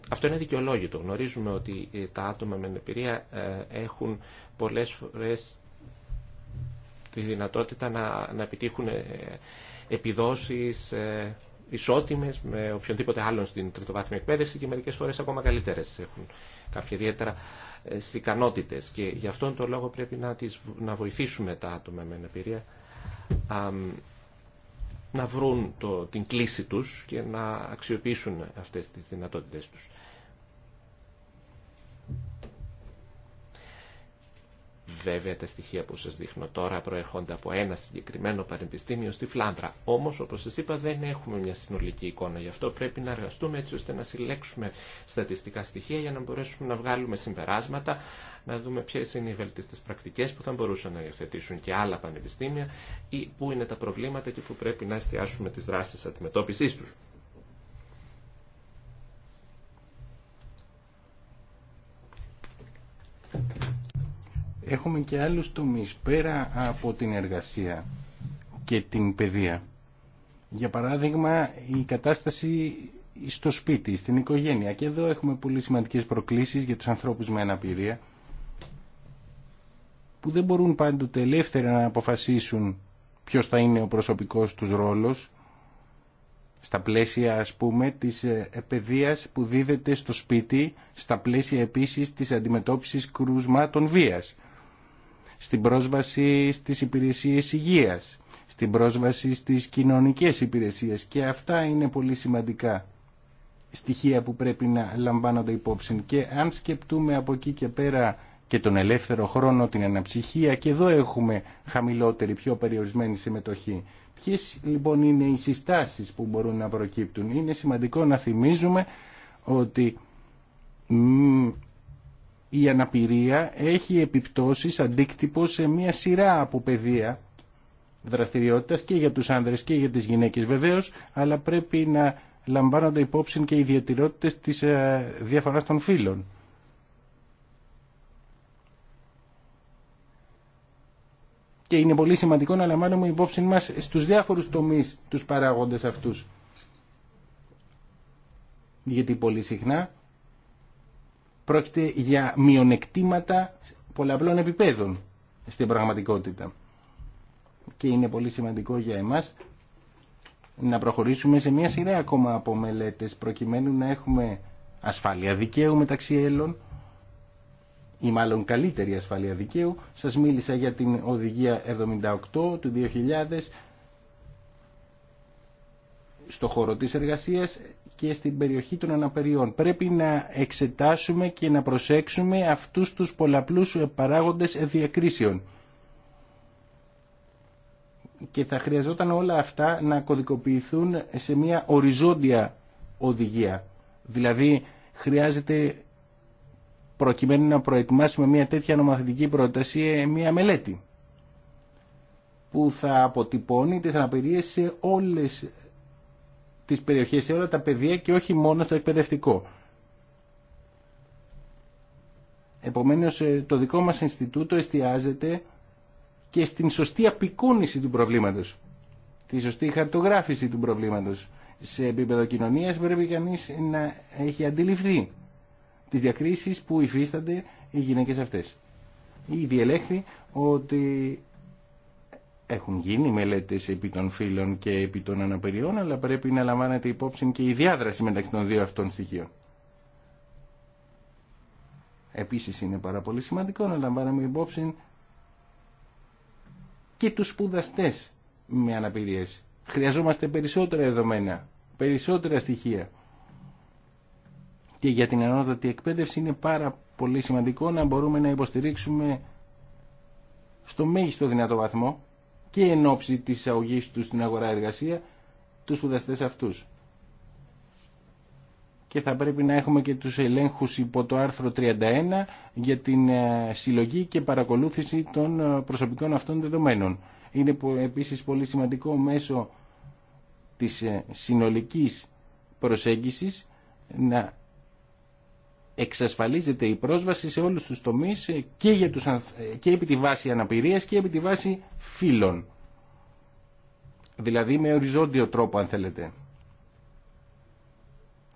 Αυτό είναι δικαιολόγητο. Γνωρίζουμε ότι ε, τα άτομα με αναπηρία ε, έχουν πολλές φορές τη δυνατότητα να, να επιτύχουν επιδόσεις ισότιμες με οποιονδήποτε άλλον στην τριτοβάθμια εκπαίδευση και μερικές φορές ακόμα καλύτερες έχουν κάποια ιδιαίτερα ε, ικανότητε. και γι' αυτόν τον λόγο πρέπει να, τις, να βοηθήσουμε τα άτομα με αναπηρία να βρουν το, την κλίση τους και να αξιοποιήσουν αυτές τις δυνατότητες τους. Βέβαια τα στοιχεία που σας δείχνω τώρα προερχόνται από ένα συγκεκριμένο πανεπιστήμιο στη Φλάντρα, Όμως όπως σας είπα δεν έχουμε μια συνολική εικόνα. Γι' αυτό πρέπει να εργαστούμε έτσι ώστε να συλλέξουμε στατιστικά στοιχεία για να μπορέσουμε να βγάλουμε συμπεράσματα, να δούμε ποιες είναι οι βελτιστές πρακτικές που θα μπορούσαν να υιοθετήσουν και άλλα πανεπιστήμια ή πού είναι τα προβλήματα και πού πρέπει να εστιάσουμε τις δράσεις αντιμετώπισης τους. έχουμε και άλλους τομείς πέρα από την εργασία και την παιδεία. Για παράδειγμα, η κατάσταση στο σπίτι, στην οικογένεια. Και εδώ έχουμε πολύ σημαντικές προκλήσεις για τους ανθρώπους με αναπηρία που δεν μπορούν πάντοτε ελεύθερα να αποφασίσουν ποιος θα είναι ο προσωπικός τους ρόλος στα πλαίσια ας πούμε της ε, παιδείας που δίδεται στο σπίτι, στα πλαίσια επίσης της αντιμετώπισης κρούσματων βίας στην πρόσβαση στις υπηρεσίες υγείας, στην πρόσβαση στις κοινωνικές υπηρεσίες και αυτά είναι πολύ σημαντικά στοιχεία που πρέπει να λαμβάνονται υπόψη και αν σκεπτούμε από εκεί και πέρα και τον ελεύθερο χρόνο, την αναψυχία και εδώ έχουμε χαμηλότερη, πιο περιορισμένη συμμετοχή. Ποιε λοιπόν είναι οι συστάσεις που μπορούν να προκύπτουν. Είναι σημαντικό να θυμίζουμε ότι η αναπηρία έχει επιπτώσεις αντίκτυπο σε μια σειρά από παιδεία δραστηριότητας και για τους άνδρες και για τις γυναίκες βεβαίως, αλλά πρέπει να λαμβάνονται υπόψη και οι ιδιαιτηρότητες της ε, διαφοράς των φύλων. Και είναι πολύ σημαντικό να λαμβάνουμε υπόψη μας στους διάφορους τομείς τους παράγοντες αυτούς. Γιατί πολύ συχνά πρόκειται για μειονεκτήματα πολλαπλών επιπέδων στην πραγματικότητα. Και είναι πολύ σημαντικό για εμάς να προχωρήσουμε σε μια σειρά ακόμα από μελέτες προκειμένου να έχουμε ασφάλεια δικαίου μεταξύ έλων ή μάλλον καλύτερη ασφάλεια δικαίου. Σας μίλησα για την οδηγία 78 του 2000 στο χώρο της εργασίας και στην περιοχή των αναπεριών. Πρέπει να εξετάσουμε και να προσέξουμε αυτούς τους πολλαπλούς ε, παράγοντες διακρίσεων. Και θα χρειαζόταν όλα αυτά να κωδικοποιηθούν σε μια οριζόντια οδηγία. Δηλαδή χρειάζεται προκειμένου να προετοιμάσουμε μια τέτοια νομοθετική πρόταση, ε, μια μελέτη που θα αποτυπώνει τις αναπηρίες σε όλες τις περιοχές σε όλα τα παιδεία και όχι μόνο στο εκπαιδευτικό. Επομένως ε, το δικό μας Ινστιτούτο εστιάζεται και στην σωστή απεικόνηση του προβλήματος, τη σωστή χαρτογράφηση του προβλήματος. Σε επίπεδο κοινωνίας πρέπει κανείς να έχει αντιληφθεί τις διακρίσεις που υφίστανται οι γυναίκες αυτές. Η διελέχθη ότι έχουν γίνει μελέτες επί των φύλων και επί των αναπηριών, αλλά πρέπει να λαμβάνεται υπόψη και η διάδραση μεταξύ των δύο αυτών στοιχείων. Επίσης είναι πάρα πολύ σημαντικό να λαμβάνουμε υπόψη και τους σπουδαστέ με αναπηρίες. Χρειαζόμαστε περισσότερα δεδομένα, περισσότερα στοιχεία. Και για την ανώτατη εκπαίδευση είναι πάρα πολύ σημαντικό να μπορούμε να υποστηρίξουμε στο μέγιστο δυνατό βαθμό και εν ώψη της εισαγωγής τους στην αγορά εργασία τους σπουδαστές αυτούς. Και θα πρέπει να έχουμε και τους ελέγχους υπό το άρθρο 31 για την ε, συλλογή και παρακολούθηση των ε, προσωπικών αυτών δεδομένων. Είναι επίσης πολύ σημαντικό μέσω της ε, συνολικής προσέγγισης να εξασφαλίζεται η πρόσβαση σε όλους τους τομείς ε, και, για τους, ε, και επί τη βάση αναπηρίας και επί τη βάση φύλων. Δηλαδή με οριζόντιο τρόπο αν θέλετε.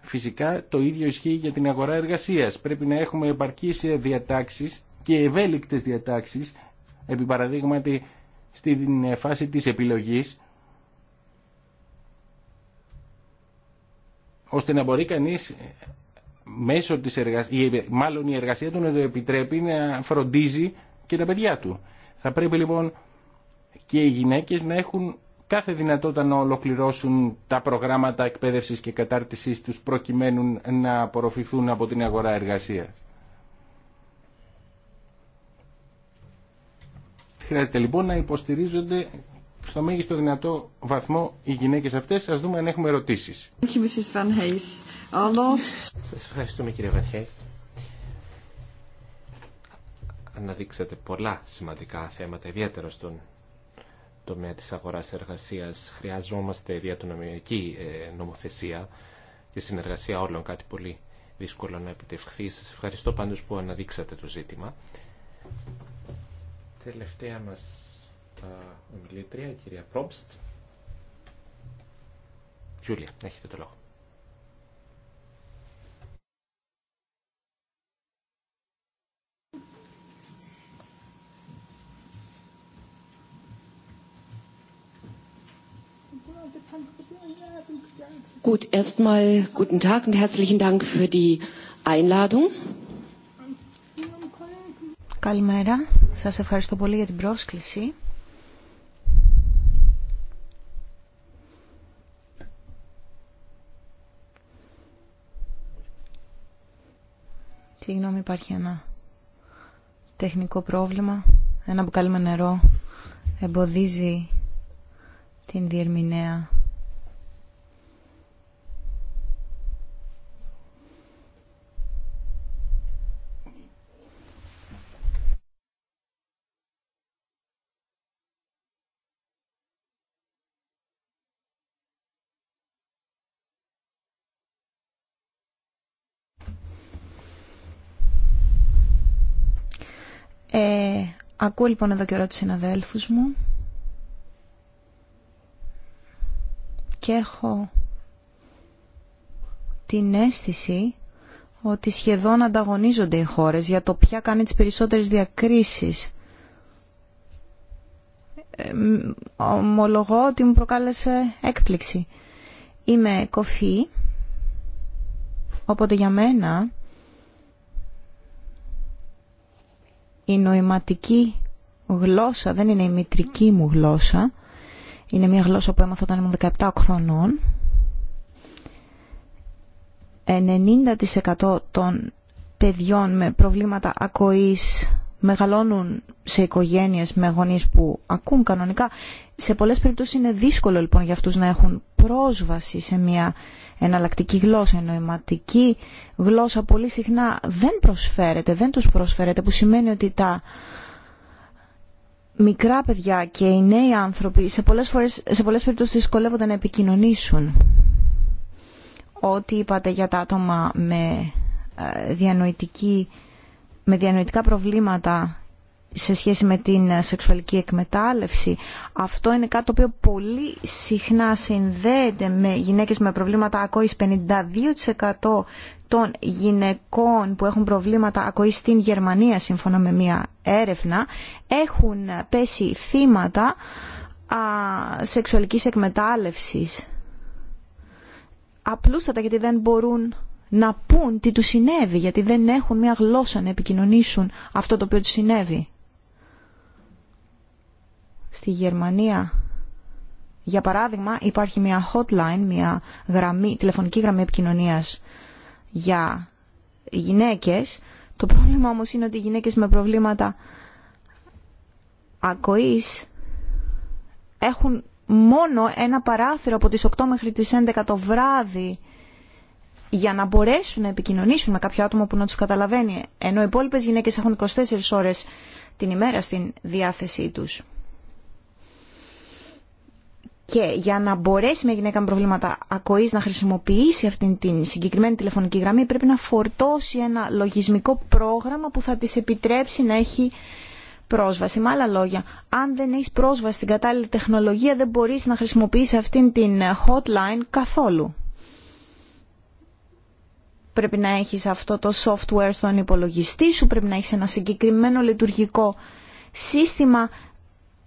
Φυσικά το ίδιο ισχύει για την αγορά εργασίας. Πρέπει να έχουμε επαρκείς ε, διατάξεις και ευέλικτες διατάξεις, επί παραδείγματι στην φάση της επιλογής, ώστε να μπορεί κανείς μέσω της εργασίας, μάλλον η εργασία του να το επιτρέπει να φροντίζει και τα παιδιά του. Θα πρέπει λοιπόν και οι γυναίκες να έχουν κάθε δυνατότητα να ολοκληρώσουν τα προγράμματα εκπαίδευσης και κατάρτισής τους προκειμένου να απορροφηθούν από την αγορά εργασίας. Χρειάζεται λοιπόν να υποστηρίζονται στο μέγιστο δυνατό βαθμό οι γυναίκες αυτές. Ας δούμε αν έχουμε ερωτήσεις. Σας ευχαριστούμε κύριε Βανχέης. Αναδείξατε πολλά σημαντικά θέματα, ιδιαίτερα στον τομέα της αγοράς εργασίας. Χρειαζόμαστε διατονομιακή ε, νομοθεσία και συνεργασία όλων, κάτι πολύ δύσκολο να επιτευχθεί. Σας ευχαριστώ πάντως που αναδείξατε το ζήτημα. Τελευταία μας ε, ομιλήτρια, κυρία Πρόμπστ. Γιούλια, έχετε το λόγο. Gut, erstmal guten Tag und herzlichen Dank für die Einladung. Καλημέρα. Σας ευχαριστώ πολύ για την πρόσκληση. γνώμη υπάρχει ένα τεχνικό πρόβλημα. Ένα μπουκάλι με νερό εμποδίζει την διερμηνέα. Ε, ακούω λοιπόν εδώ καιρό τους συναδέλφους μου και έχω την αίσθηση ότι σχεδόν ανταγωνίζονται οι χώρες για το ποια κάνει τις περισσότερες διακρίσεις. Ε, ομολογώ ότι μου προκάλεσε έκπληξη. Είμαι κοφή, οπότε για μένα η νοηματική γλώσσα δεν είναι η μητρική μου γλώσσα. Είναι μια γλώσσα που έμαθα όταν ήμουν 17 χρονών. 90% των παιδιών με προβλήματα ακοής μεγαλώνουν σε οικογένειες με γονείς που ακούν κανονικά. Σε πολλές περιπτώσεις είναι δύσκολο λοιπόν για αυτούς να έχουν πρόσβαση σε μια εναλλακτική γλώσσα, εννοηματική γλώσσα πολύ συχνά δεν προσφέρεται, δεν τους προσφέρεται, που σημαίνει ότι τα μικρά παιδιά και οι νέοι άνθρωποι σε πολλές, φορές, σε πολλές περιπτώσεις δυσκολεύονται να επικοινωνήσουν. Ό,τι είπατε για τα άτομα με, ε, διανοητική, με διανοητικά προβλήματα σε σχέση με την ε, σεξουαλική εκμετάλλευση. Αυτό είναι κάτι το οποίο πολύ συχνά συνδέεται με γυναίκες με προβλήματα ακόης. 52% των γυναικών που έχουν προβλήματα ακοής στην Γερμανία, σύμφωνα με μία έρευνα, έχουν πέσει θύματα α, σεξουαλικής εκμετάλλευσης. Απλούστατα γιατί δεν μπορούν να πούν τι του συνέβη, γιατί δεν έχουν μια γλώσσα να επικοινωνήσουν αυτό το οποίο του συνέβη. Στη Γερμανία, για παράδειγμα, υπάρχει μια hotline, μια γραμμή, τηλεφωνική γραμμή επικοινωνίας για γυναίκες. Το πρόβλημα όμως είναι ότι οι γυναίκες με προβλήματα ακοής έχουν μόνο ένα παράθυρο από τις 8 μέχρι τις 11 το βράδυ για να μπορέσουν να επικοινωνήσουν με κάποιο άτομο που να τους καταλαβαίνει, ενώ οι υπόλοιπες γυναίκες έχουν 24 ώρες την ημέρα στην διάθεσή τους και για να μπορέσει μια γυναίκα με προβλήματα ακοή να χρησιμοποιήσει αυτήν την συγκεκριμένη τηλεφωνική γραμμή πρέπει να φορτώσει ένα λογισμικό πρόγραμμα που θα τη επιτρέψει να έχει πρόσβαση. Με άλλα λόγια, αν δεν έχει πρόσβαση στην κατάλληλη τεχνολογία δεν μπορεί να χρησιμοποιήσει αυτήν την hotline καθόλου. Πρέπει να έχεις αυτό το software στον υπολογιστή σου, πρέπει να έχεις ένα συγκεκριμένο λειτουργικό σύστημα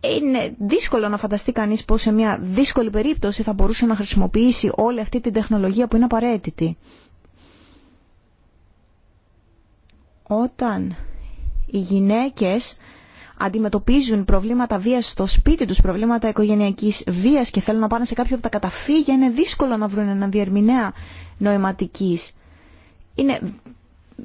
είναι δύσκολο να φανταστεί κανείς πως σε μια δύσκολη περίπτωση θα μπορούσε να χρησιμοποιήσει όλη αυτή την τεχνολογία που είναι απαραίτητη. Όταν οι γυναίκες αντιμετωπίζουν προβλήματα βίας στο σπίτι τους, προβλήματα οικογενειακής βίας και θέλουν να πάνε σε κάποιο από τα καταφύγια, είναι δύσκολο να βρουν έναν διερμηνέα νοηματική. Είναι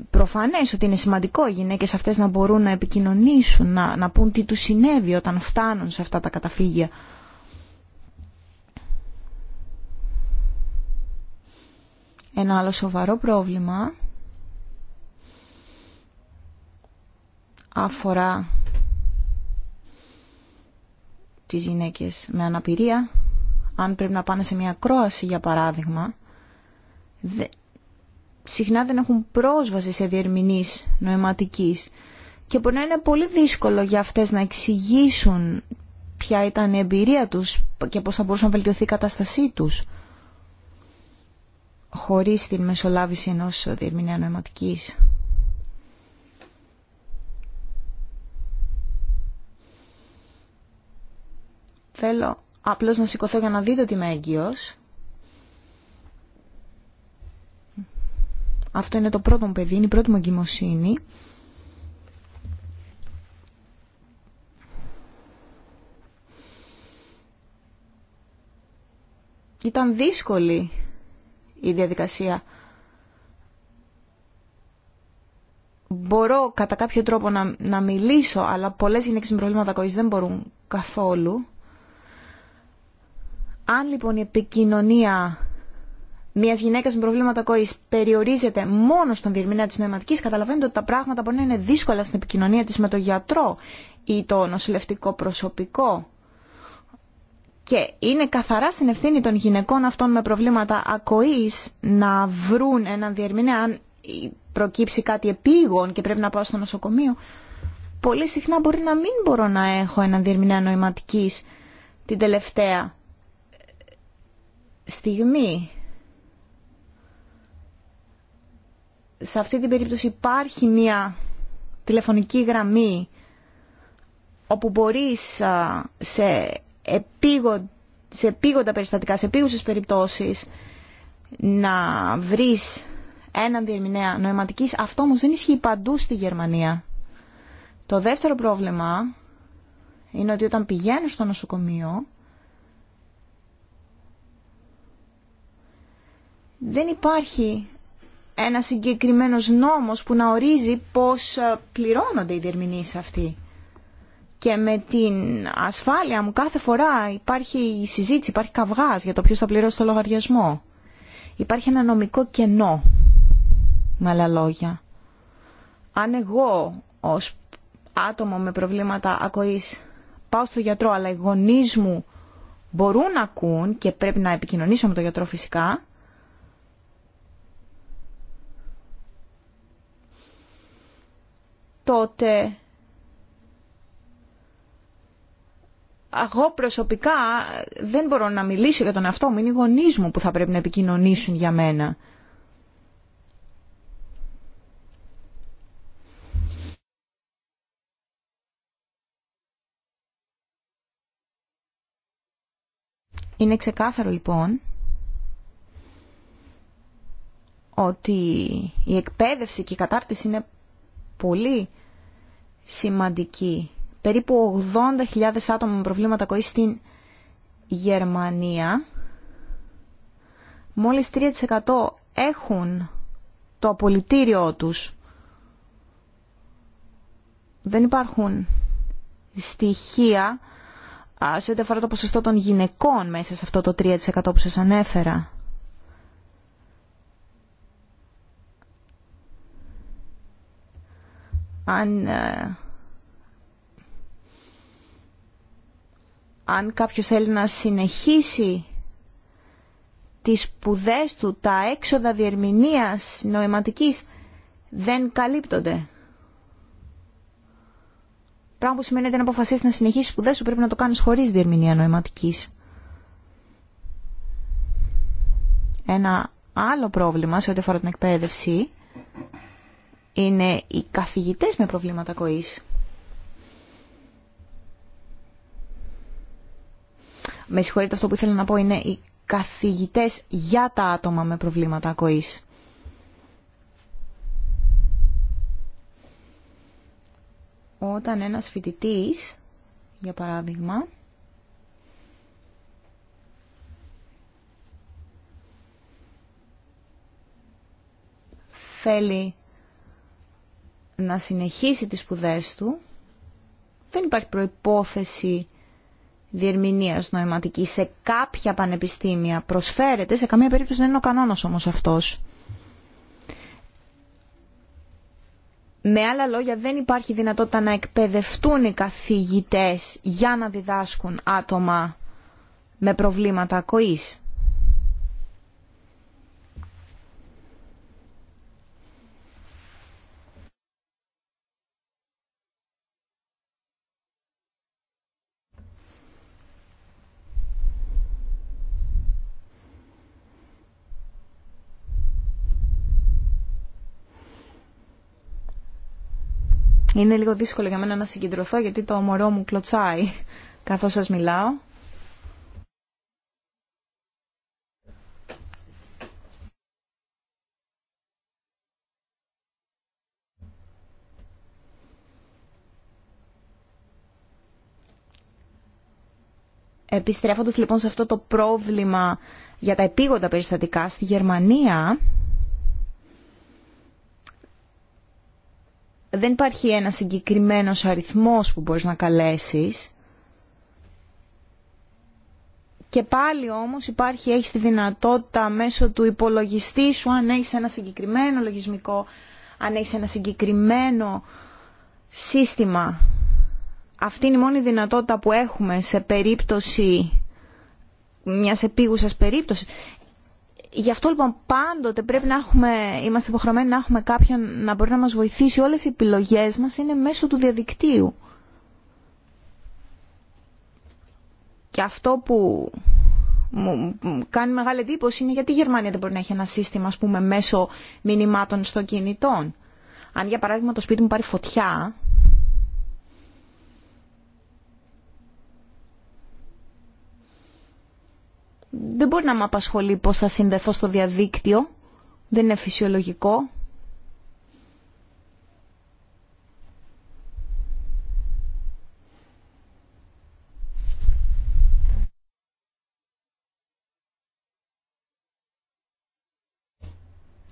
προφανές ότι είναι σημαντικό οι γυναίκες αυτές να μπορούν να επικοινωνήσουν, να, να πούν τι τους συνέβη όταν φτάνουν σε αυτά τα καταφύγια. Ένα άλλο σοβαρό πρόβλημα αφορά τις γυναίκες με αναπηρία. Αν πρέπει να πάνε σε μια κρόαση, για παράδειγμα, συχνά δεν έχουν πρόσβαση σε διερμηνείς νοηματικής και μπορεί να είναι πολύ δύσκολο για αυτές να εξηγήσουν ποια ήταν η εμπειρία τους και πώς θα μπορούσε να βελτιωθεί η κατάστασή τους χωρίς την μεσολάβηση ενός διερμηνέα νοηματικής. Θέλω απλώς να σηκωθώ για να δείτε ότι είμαι έγκυος. Αυτό είναι το πρώτο μου παιδί, είναι η πρώτη μου εγκυμοσύνη. Ήταν δύσκολη η διαδικασία. Μπορώ κατά κάποιο τρόπο να, μιλήσω, αλλά πολλές γυναίκες με προβλήματα ακοής δεν μπορούν καθόλου. Αν λοιπόν η επικοινωνία μια γυναίκα με προβλήματα κόη περιορίζεται μόνο στον διερμηνέα τη νοηματικής, καταλαβαίνετε ότι τα πράγματα μπορεί να είναι δύσκολα στην επικοινωνία τη με τον γιατρό ή το νοσηλευτικό προσωπικό. Και είναι καθαρά στην ευθύνη των γυναικών αυτών με προβλήματα ακοή να βρουν έναν διερμηνέα αν προκύψει κάτι επίγον και πρέπει να πάω στο νοσοκομείο. Πολύ συχνά μπορεί να μην μπορώ να έχω έναν διερμηνέα νοηματική την τελευταία στιγμή. σε αυτή την περίπτωση υπάρχει μια τηλεφωνική γραμμή όπου μπορείς σε, επίγο σε επίγοντα περιστατικά, σε επίγουσες περιπτώσεις να βρεις έναν διερμηνέα νοηματικής, αυτό όμως δεν ισχύει παντού στη Γερμανία. Το δεύτερο πρόβλημα είναι ότι όταν πηγαίνω στο νοσοκομείο δεν υπάρχει ένα συγκεκριμένος νόμος που να ορίζει πώς ε, πληρώνονται οι διερμηνεί αυτοί. Και με την ασφάλεια μου κάθε φορά υπάρχει συζήτηση, υπάρχει καυγάς για το ποιος θα πληρώσει το λογαριασμό. Υπάρχει ένα νομικό κενό, με άλλα λόγια. Αν εγώ ως άτομο με προβλήματα ακοής πάω στο γιατρό αλλά οι γονείς μου μπορούν να ακούν και πρέπει να επικοινωνήσω με τον γιατρό φυσικά, τότε εγώ προσωπικά δεν μπορώ να μιλήσω για τον αυτό μου, είναι οι γονεί μου που θα πρέπει να επικοινωνήσουν για μένα. Είναι ξεκάθαρο λοιπόν ότι η εκπαίδευση και η κατάρτιση είναι πολύ σημαντική. Περίπου 80.000 άτομα με προβλήματα κοής στην Γερμανία. Μόλις 3% έχουν το απολυτήριό τους. Δεν υπάρχουν στοιχεία σε ό,τι αφορά το ποσοστό των γυναικών μέσα σε αυτό το 3% που σας ανέφερα. αν, ε, αν κάποιος θέλει να συνεχίσει τις σπουδέ του, τα έξοδα διερμηνίας νοηματικής δεν καλύπτονται. Πράγμα που σημαίνει ότι αν αποφασίσει να συνεχίσει σπουδέ σου πρέπει να το κάνεις χωρίς διερμηνία νοηματικής. Ένα άλλο πρόβλημα σε ό,τι αφορά την εκπαίδευση είναι οι καθηγητές με προβλήματα ακοής. Με συγχωρείτε, αυτό που ήθελα να πω είναι οι καθηγητές για τα άτομα με προβλήματα ακοής. Όταν ένας φοιτητής, για παράδειγμα, θέλει να συνεχίσει τις σπουδέ του, δεν υπάρχει προϋπόθεση διερμηνίας νόηματική σε κάποια πανεπιστήμια. Προσφέρεται, σε καμία περίπτωση δεν είναι ο κανόνας όμως αυτός. Με άλλα λόγια δεν υπάρχει δυνατότητα να εκπαιδευτούν οι καθηγητές για να διδάσκουν άτομα με προβλήματα ακοής. Είναι λίγο δύσκολο για μένα να συγκεντρωθώ γιατί το μωρό μου κλωτσάει καθώς σας μιλάω. Επιστρέφοντας λοιπόν σε αυτό το πρόβλημα για τα επίγοντα περιστατικά στη Γερμανία, δεν υπάρχει ένα συγκεκριμένο αριθμός που μπορείς να καλέσεις. Και πάλι όμως υπάρχει, έχει τη δυνατότητα μέσω του υπολογιστή σου, αν έχει ένα συγκεκριμένο λογισμικό, αν έχει ένα συγκεκριμένο σύστημα. Αυτή είναι η μόνη δυνατότητα που έχουμε σε περίπτωση μιας επίγουσα περίπτωση. Γι' αυτό λοιπόν πάντοτε πρέπει να έχουμε, είμαστε υποχρεωμένοι να έχουμε κάποιον να μπορεί να μας βοηθήσει. Όλες οι επιλογές μας είναι μέσω του διαδικτύου. Και αυτό που μου κάνει μεγάλη εντύπωση είναι γιατί η Γερμανία δεν μπορεί να έχει ένα σύστημα ας πούμε, μέσω μηνυμάτων στο κινητό. Αν για παράδειγμα το σπίτι μου πάρει φωτιά, δεν μπορεί να με απασχολεί πώς θα συνδεθώ στο διαδίκτυο. Δεν είναι φυσιολογικό.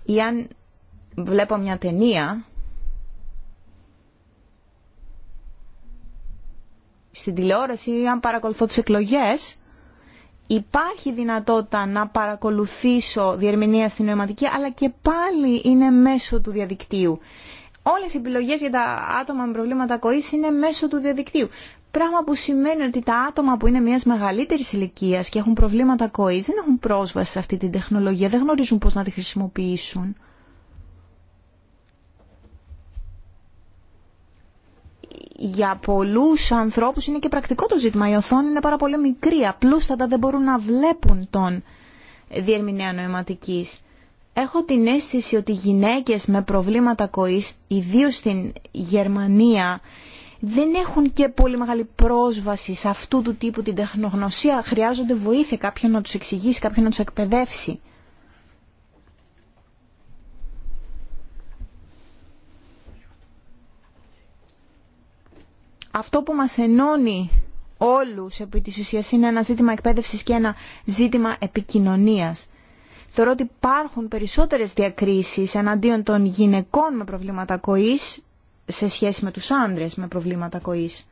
Ή αν βλέπω μια ταινία στην τηλεόραση, ή αν παρακολουθώ τις εκλογές, υπάρχει δυνατότητα να παρακολουθήσω διερμηνία στην νοηματική, αλλά και πάλι είναι μέσω του διαδικτύου. Όλες οι επιλογές για τα άτομα με προβλήματα ακοή είναι μέσω του διαδικτύου. Πράγμα που σημαίνει ότι τα άτομα που είναι μια μεγαλύτερη ηλικία και έχουν προβλήματα ακοή δεν έχουν πρόσβαση σε αυτή την τεχνολογία, δεν γνωρίζουν πώ να τη χρησιμοποιήσουν. για πολλούς ανθρώπους είναι και πρακτικό το ζήτημα. Η οθόνη είναι πάρα πολύ μικρή, απλούστατα δεν μπορούν να βλέπουν τον διερμηνέα νοηματικής. Έχω την αίσθηση ότι γυναίκες με προβλήματα κοής, ιδίω στην Γερμανία, δεν έχουν και πολύ μεγάλη πρόσβαση σε αυτού του τύπου την τεχνογνωσία. Χρειάζονται βοήθεια κάποιον να τους εξηγήσει, κάποιον να τους εκπαιδεύσει. αυτό που μας ενώνει όλους επί της ουσίας είναι ένα ζήτημα εκπαίδευσης και ένα ζήτημα επικοινωνίας. Θεωρώ ότι υπάρχουν περισσότερες διακρίσεις εναντίον των γυναικών με προβλήματα κοής σε σχέση με τους άντρες με προβλήματα κοής.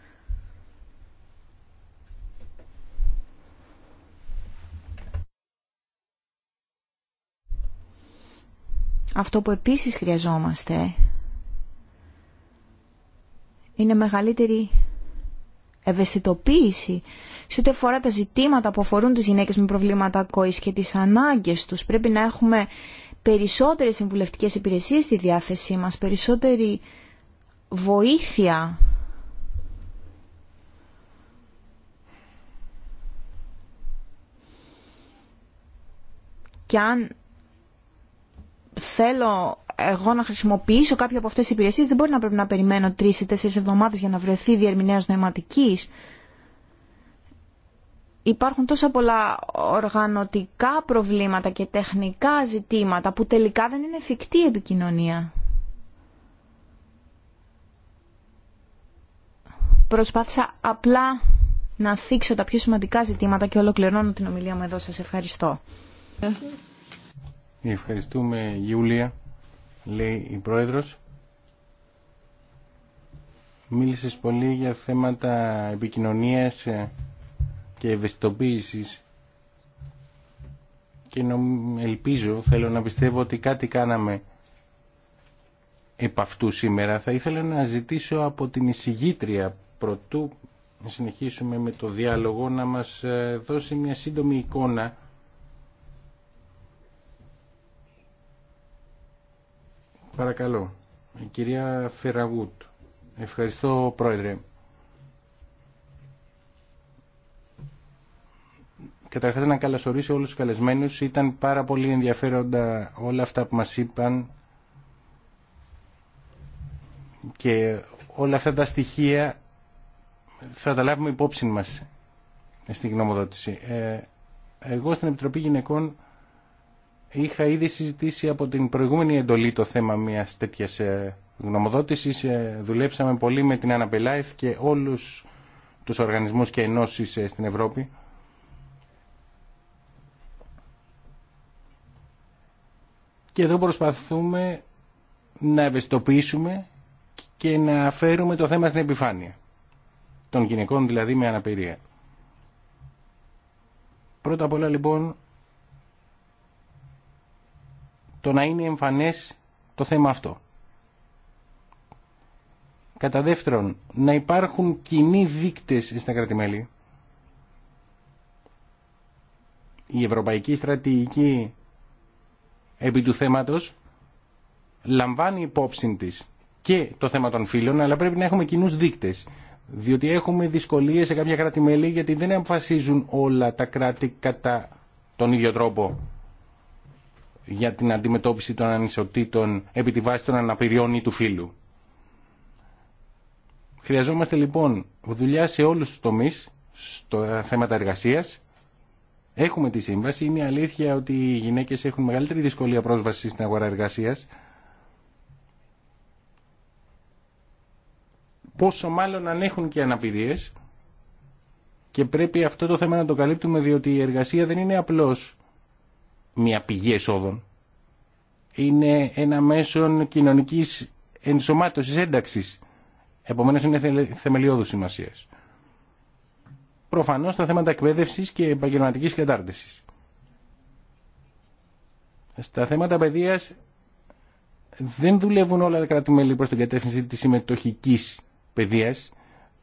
Αυτό που επίσης χρειαζόμαστε είναι μεγαλύτερη ευαισθητοποίηση σε ό,τι αφορά τα ζητήματα που αφορούν τις γυναίκες με προβλήματα ακόης και τις ανάγκες τους. Πρέπει να έχουμε περισσότερες συμβουλευτικές υπηρεσίες στη διάθεσή μας, περισσότερη βοήθεια. Και αν θέλω εγώ να χρησιμοποιήσω κάποια από αυτές τις υπηρεσίες δεν μπορεί να πρέπει να περιμένω τρει ή τέσσερι εβδομάδες για να βρεθεί διερμηνέας νοηματικής. Υπάρχουν τόσα πολλά οργανωτικά προβλήματα και τεχνικά ζητήματα που τελικά δεν είναι εφικτή η επικοινωνία. Προσπάθησα απλά να θίξω τα πιο σημαντικά ζητήματα και ολοκληρώνω την ομιλία μου εδώ. Σας ευχαριστώ. Ευχαριστούμε Γιούλια λέει η Πρόεδρος. Μίλησες πολύ για θέματα επικοινωνίας ε, και ευαισθητοποίησης και ελπίζω, θέλω να πιστεύω ότι κάτι κάναμε επ' αυτού σήμερα. Θα ήθελα να ζητήσω από την εισηγήτρια προτού συνεχίσουμε με το διάλογο να μας ε, δώσει μια σύντομη εικόνα παρακαλώ. Η κυρία Φεραγούτ. Ευχαριστώ, Πρόεδρε. Καταρχάς να καλασορίσω όλους τους καλεσμένους. Ήταν πάρα πολύ ενδιαφέροντα όλα αυτά που μας είπαν και όλα αυτά τα στοιχεία θα τα λάβουμε υπόψη μας στην γνωμοδότηση. Ε, εγώ στην Επιτροπή Γυναικών Είχα ήδη συζητήσει από την προηγούμενη εντολή το θέμα μιας τέτοιας ε, γνωμοδότησης. Ε, δουλέψαμε πολύ με την Αναπελάιθ και όλους τους οργανισμούς και ενώσεις ε, στην Ευρώπη. Και εδώ προσπαθούμε να ευαισθητοποιήσουμε και να φέρουμε το θέμα στην επιφάνεια. Των γυναικών δηλαδή με αναπηρία. Πρώτα απ' όλα λοιπόν το να είναι εμφανές το θέμα αυτό. Κατά δεύτερον, να υπάρχουν κοινοί δείκτες στα κρατημέλη. Η Ευρωπαϊκή Στρατηγική επί του θέματος λαμβάνει υπόψη της και το θέμα των φύλων, αλλά πρέπει να έχουμε κοινούς δείκτες. Διότι έχουμε δυσκολίες σε κάποια κράτη-μέλη γιατί δεν αποφασίζουν όλα τα κράτη κατά τον ίδιο τρόπο για την αντιμετώπιση των ανισοτήτων επί τη βάση των αναπηριών ή του φύλου. Χρειαζόμαστε λοιπόν δουλειά σε όλους τους τομείς, στο ε, θέματα εργασίας. Έχουμε τη σύμβαση, είναι αλήθεια ότι οι γυναίκες έχουν μεγαλύτερη δυσκολία πρόσβαση στην αγορά εργασίας. Πόσο μάλλον αν έχουν και αναπηρίες και πρέπει αυτό το θέμα να το καλύπτουμε διότι η εργασία δεν είναι απλώς μια πηγή εσόδων. Είναι ένα μέσο κοινωνικής ενσωμάτωσης, ένταξης. Επομένως είναι θεμελιώδους σημασίας. Προφανώς τα θέματα εκπαίδευσης και επαγγελματική κατάρτισης. Στα θέματα παιδείας δεν δουλεύουν όλα τα κράτη-μέλη προς την κατεύθυνση της συμμετοχικής παιδείας,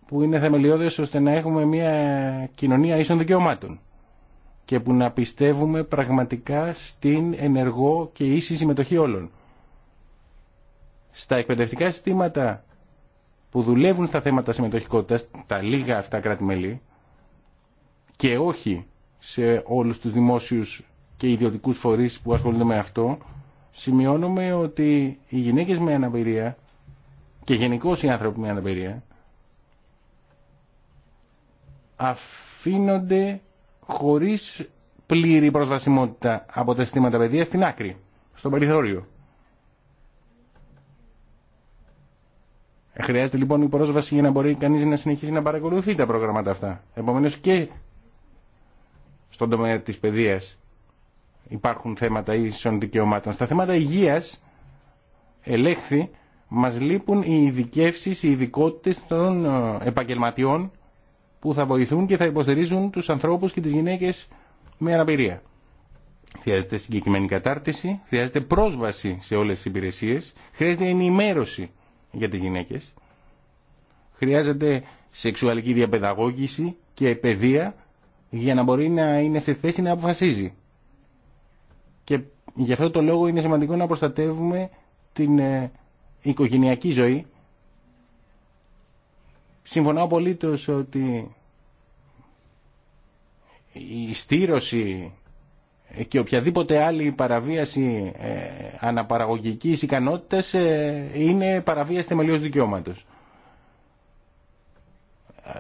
που είναι θεμελιώδες ώστε να έχουμε μια κοινωνία ίσων δικαιωμάτων και που να πιστεύουμε πραγματικά στην ενεργό και ίση συμμετοχή όλων. Στα εκπαιδευτικά συστήματα που δουλεύουν στα θέματα συμμετοχικότητας, τα λίγα αυτά κράτη-μέλη, και όχι σε όλους τους δημόσιους και ιδιωτικούς φορείς που ασχολούνται με αυτό, σημειώνουμε ότι οι γυναίκες με αναπηρία και γενικώ οι άνθρωποι με αναπηρία αφήνονται χωρίς πλήρη προσβασιμότητα από τα συστήματα παιδεία στην άκρη, στο περιθώριο. Χρειάζεται λοιπόν η πρόσβαση για να μπορεί κανείς να συνεχίσει να παρακολουθεί τα προγράμματα αυτά. Επομένως και στον τομέα της παιδείας υπάρχουν θέματα ίσων δικαιωμάτων. Στα θέματα υγείας ελέγχθη μας λείπουν οι ειδικεύσει, οι ειδικότητε των ε, επαγγελματιών που θα βοηθούν και θα υποστηρίζουν τους ανθρώπους και τις γυναίκες με αναπηρία. Χρειάζεται συγκεκριμένη κατάρτιση, χρειάζεται πρόσβαση σε όλες τις υπηρεσίες, χρειάζεται ενημέρωση για τις γυναίκες, χρειάζεται σεξουαλική διαπαιδαγώγηση και παιδεία για να μπορεί να είναι σε θέση να αποφασίζει. Και γι' αυτό το λόγο είναι σημαντικό να προστατεύουμε την ε, οικογενειακή ζωή Συμφωνώ απολύτως ότι η στήρωση και οποιαδήποτε άλλη παραβίαση ε, αναπαραγωγικής ικανότητας ε, είναι παραβίαση θεμελίως δικαιώματος.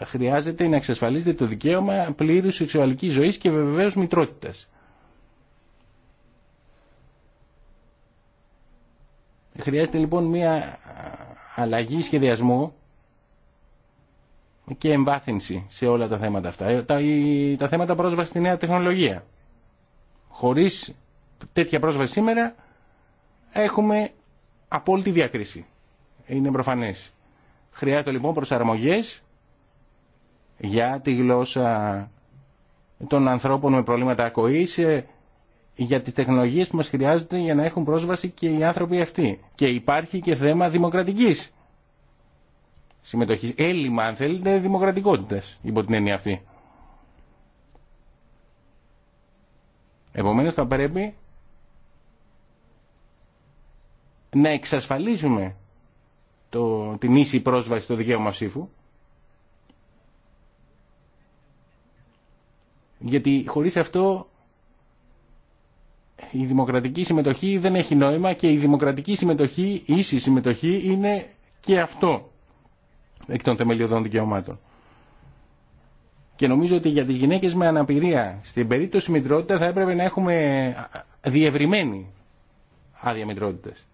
Χρειάζεται να εξασφαλίζεται το δικαίωμα πλήρους σεξουαλικής ζωής και βεβαίως μητρότητας. Χρειάζεται λοιπόν μια αλλαγή σχεδιασμού και εμβάθυνση σε όλα τα θέματα αυτά. Ε, τα, τα θέματα πρόσβαση στη νέα τεχνολογία. Χωρίς τέτοια πρόσβαση σήμερα έχουμε απόλυτη διακρίση. Είναι προφανές. Χρειάζεται λοιπόν προσαρμογές για τη γλώσσα των ανθρώπων με προβλήματα ακοής, ε, για τις τεχνολογίες που μας χρειάζονται για να έχουν πρόσβαση και οι άνθρωποι αυτοί. Και υπάρχει και θέμα δημοκρατικής Συμμετοχή έλλειμμα αν θέλετε δημοκρατικότητας υπό την έννοια αυτή. επομενω θα πρέπει να εξασφαλίσουμε το, την ίση πρόσβαση στο δικαίωμα ψήφου γιατί χωρίς αυτό η δημοκρατική συμμετοχή δεν έχει νόημα και η δημοκρατική συμμετοχή, η ίση συμμετοχή είναι και αυτό εκ των θεμελιωδών δικαιωμάτων. Και νομίζω ότι για τις γυναίκες με αναπηρία στην περίπτωση μητρότητα θα έπρεπε να έχουμε διευρυμένη άδεια μητρότητας.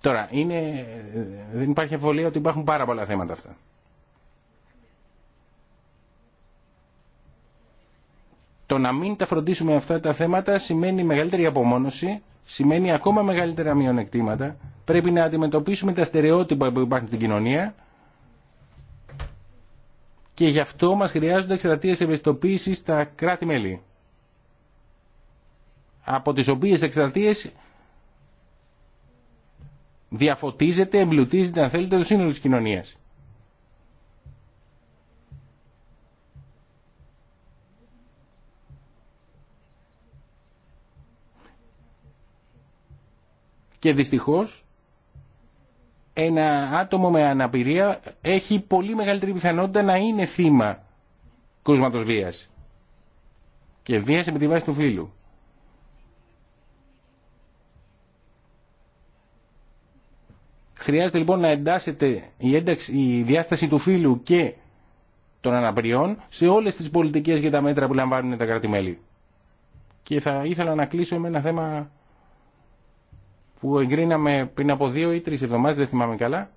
Τώρα, είναι, δεν υπάρχει αφιβολία ότι υπάρχουν πάρα πολλά θέματα αυτά. Το να μην τα φροντίσουμε αυτά τα θέματα σημαίνει μεγαλύτερη απομόνωση σημαίνει ακόμα μεγαλύτερα μειονεκτήματα. Πρέπει να αντιμετωπίσουμε τα στερεότυπα που υπάρχουν στην κοινωνία και γι' αυτό μας χρειάζονται εξτρατείες ευαισθητοποίηση στα κράτη-μέλη. Από τις οποίες εξτρατείες διαφωτίζεται, εμπλουτίζεται αν θέλετε το σύνολο της κοινωνίας. Και δυστυχώς ένα άτομο με αναπηρία έχει πολύ μεγαλύτερη πιθανότητα να είναι θύμα κρούσματος βίας και βίας επί τη βάση του φίλου. Χρειάζεται λοιπόν να εντάσσεται η, ένταξη, η διάσταση του φίλου και των αναπηριών σε όλες τις πολιτικές και τα μέτρα που λαμβάνουν τα κράτη-μέλη. Και θα ήθελα να κλείσω με ένα θέμα που εγκρίναμε πριν από δύο ή τρεις εβδομάδες, δεν θυμάμαι καλά,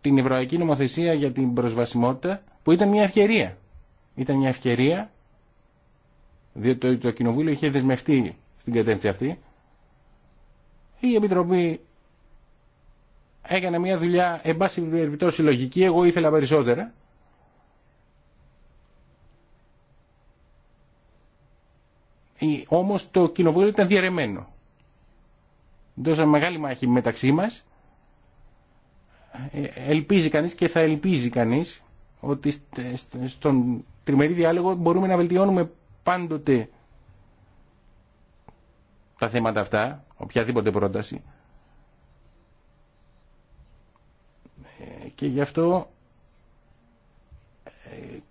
την Ευρωπαϊκή Νομοθεσία για την Προσβασιμότητα, που ήταν μια ευκαιρία. Ήταν μια ευκαιρία, διότι το Κοινοβούλιο είχε δεσμευτεί στην κατεύθυνση αυτή. Η Επιτροπή έκανε μια δουλειά, εν πάση περιπτώσει, λογική. Εγώ ήθελα περισσότερα. Ε, όμως το κοινοβούλιο ήταν διαρρεμένο. Δώσαμε μεγάλη μάχη μεταξύ μας. Ε, ελπίζει κανείς και θα ελπίζει κανείς ότι στον τριμερή διάλογο μπορούμε να βελτιώνουμε πάντοτε τα θέματα αυτά, οποιαδήποτε πρόταση. Ε, και γι' αυτό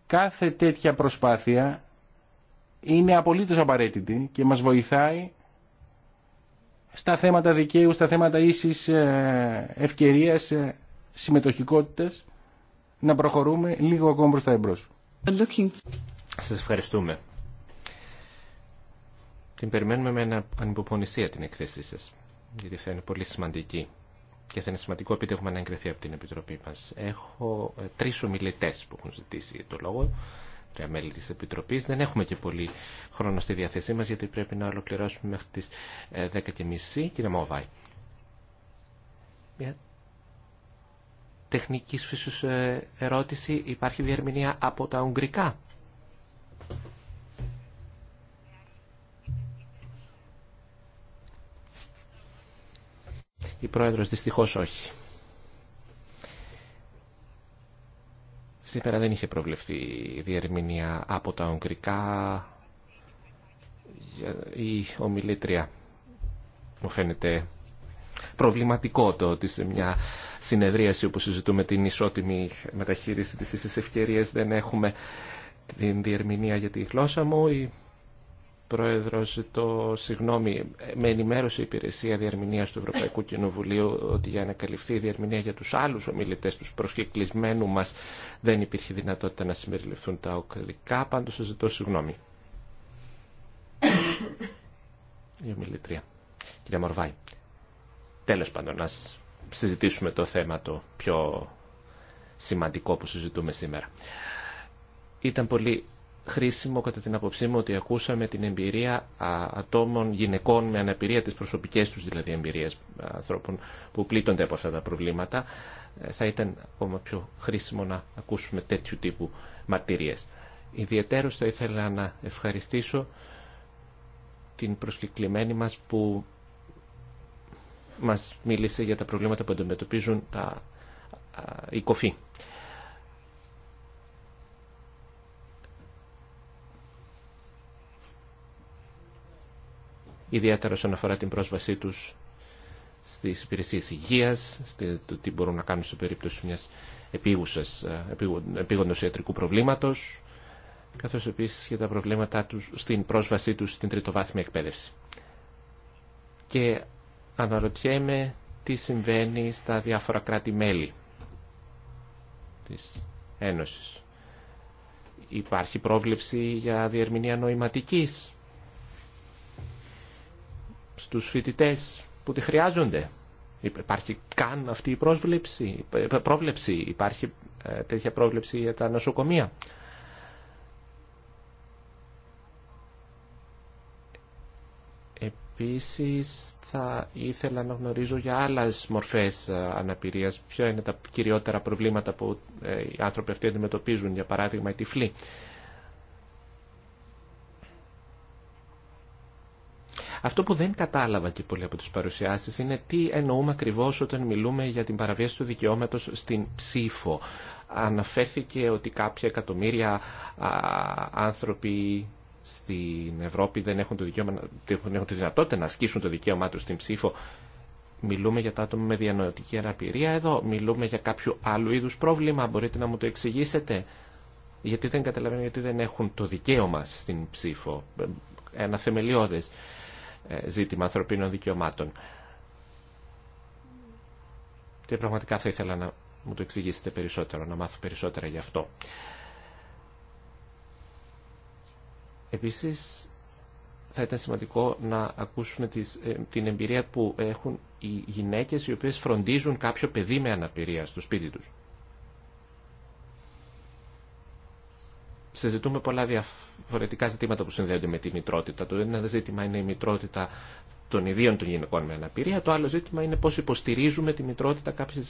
κάθε τέτοια προσπάθεια είναι απολύτως απαραίτητη και μας βοηθάει στα θέματα δικαίου, στα θέματα ίσης ε, ευκαιρίας, ε, συμμετοχικότητας, να προχωρούμε λίγο ακόμα προς τα εμπρός. Σας ευχαριστούμε. Την περιμένουμε με ανυποπονησία την εκθέσή σας, γιατί θα είναι πολύ σημαντική και θα είναι σημαντικό επειδή έχουμε να από την Επιτροπή μας. Έχω ε, τρεις ομιλητές που έχουν ζητήσει το λόγο τρία μέλη της Επιτροπής. Δεν έχουμε και πολύ χρόνο στη διάθεσή μας γιατί πρέπει να ολοκληρώσουμε μέχρι τις 10.30. Ε, Κύριε Μόβάη, μια τεχνικής φύσους ε, ερώτηση. Υπάρχει διερμηνία από τα Ουγγρικά. Η Πρόεδρος δυστυχώς όχι. Σήμερα δεν είχε προβλεφθεί η διερμηνία από τα ογκρικά. Η ομιλήτρια μου φαίνεται προβληματικό το ότι σε μια συνεδρίαση όπου συζητούμε την ισότιμη μεταχείριση της ευκαιρίας δεν έχουμε την διερμηνία για τη γλώσσα μου. Η Πρόεδρο, το συγγνώμη, με ενημέρωσε η υπηρεσία διαρμηνίας του Ευρωπαϊκού Κοινοβουλίου ότι για να καλυφθεί η διαρμηνία για τους άλλους ομιλητές, τους προσκεκλισμένου μας, δεν υπήρχε δυνατότητα να συμπεριληφθούν τα οκλικά, πάντως ζητώ συγγνώμη. [COUGHS] η ομιλητρία. Κυρία Μορβάη, τέλος πάντων να συζητήσουμε το θέμα το πιο σημαντικό που συζητούμε σήμερα. Ήταν πολύ χρήσιμο κατά την άποψή μου ότι ακούσαμε την εμπειρία ατόμων, γυναικών με αναπηρία, τις προσωπικές τους δηλαδή εμπειρίες ανθρώπων που πλήττονται από αυτά τα προβλήματα. Ε, θα ήταν ακόμα πιο χρήσιμο να ακούσουμε τέτοιου τύπου μαρτυρίες. Ιδιαίτερως θα ήθελα να ευχαριστήσω την προσκεκλημένη μας που μας μίλησε για τα προβλήματα που αντιμετωπίζουν τα οικοφή. ιδιαίτερα όσον αφορά την πρόσβασή τους στι υπηρεσίες υγείας, το τι μπορούν να κάνουν σε περίπτωση μια ε, επίγοντο ιατρικού προβλήματος, καθώς επίσης και τα προβλήματά τους στην πρόσβασή τους στην τριτοβάθμια εκπαίδευση. Και αναρωτιέμαι τι συμβαίνει στα διάφορα κράτη-μέλη της Ένωσης. Υπάρχει πρόβλεψη για διερμηνία νοηματικής στους φοιτητές που τη χρειάζονται. Υπάρχει καν αυτή η πρόβλεψη, πρόβλεψη, υπάρχει ε, τέτοια πρόβλεψη για τα νοσοκομεία. Επίσης θα ήθελα να γνωρίζω για άλλες μορφές ε, αναπηρίας ποια είναι τα κυριότερα προβλήματα που ε, οι άνθρωποι αυτοί αντιμετωπίζουν, για παράδειγμα οι τυφλοί. Αυτό που δεν κατάλαβα και πολλοί από τις παρουσιάσεις είναι τι εννοούμε ακριβώς όταν μιλούμε για την παραβίαση του δικαιώματος στην ψήφο. Αναφέρθηκε ότι κάποια εκατομμύρια άνθρωποι στην Ευρώπη δεν έχουν, το δικαίωμα, δεν έχουν τη δυνατότητα να ασκήσουν το δικαίωμά τους στην ψήφο. Μιλούμε για τα άτομα με διανοητική αναπηρία εδώ, μιλούμε για κάποιο άλλο είδους πρόβλημα, μπορείτε να μου το εξηγήσετε. Γιατί δεν καταλαβαίνω γιατί δεν έχουν το δικαίωμα στην ψήφο. Ε, ένα θεμελιώδες. Ε, ζήτημα ανθρωπίνων δικαιωμάτων. Και πραγματικά θα ήθελα να μου το εξηγήσετε περισσότερο, να μάθω περισσότερα γι' αυτό. Επίσης, θα ήταν σημαντικό να ακούσουμε τις, ε, την εμπειρία που έχουν οι γυναίκες οι οποίες φροντίζουν κάποιο παιδί με αναπηρία στο σπίτι τους. συζητούμε πολλά διαφορετικά ζητήματα που συνδέονται με τη μητρότητα. Το ένα ζήτημα είναι η μητρότητα των ιδίων των γυναικών με αναπηρία. Το άλλο ζήτημα είναι πώς υποστηρίζουμε τη μητρότητα κάποιες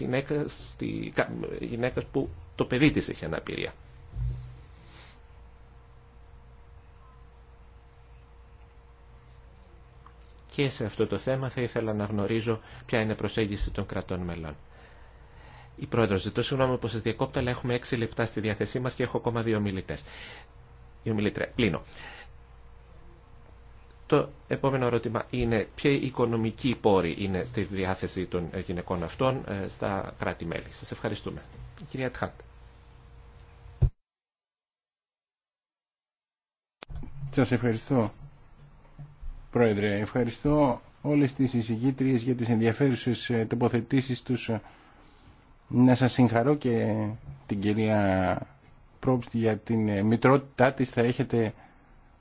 γυναίκας, που το παιδί της έχει αναπηρία. Και σε αυτό το θέμα θα ήθελα να γνωρίζω ποια είναι η προσέγγιση των κρατών μελών. Η πρόεδρο, ζητώ συγγνώμη που σα διακόπτω, αλλά έχουμε έξι λεπτά στη διάθεσή μα και έχω ακόμα δύο ομιλητέ. Η ομιλήτρια, κλείνω. Το επόμενο ερώτημα είναι ποιοι οικονομική πόροι είναι στη διάθεση των γυναικών αυτών ε, στα κράτη-μέλη. Σα ευχαριστούμε. Κυρία Τχάντ. Σα ευχαριστώ, Πρόεδρε. Ευχαριστώ όλε τις εισηγήτριες για τις ενδιαφέρουσες ε, τοποθετήσει τους ε, να σας συγχαρώ και την κυρία Πρόπστη για την μητρότητά της θα έχετε,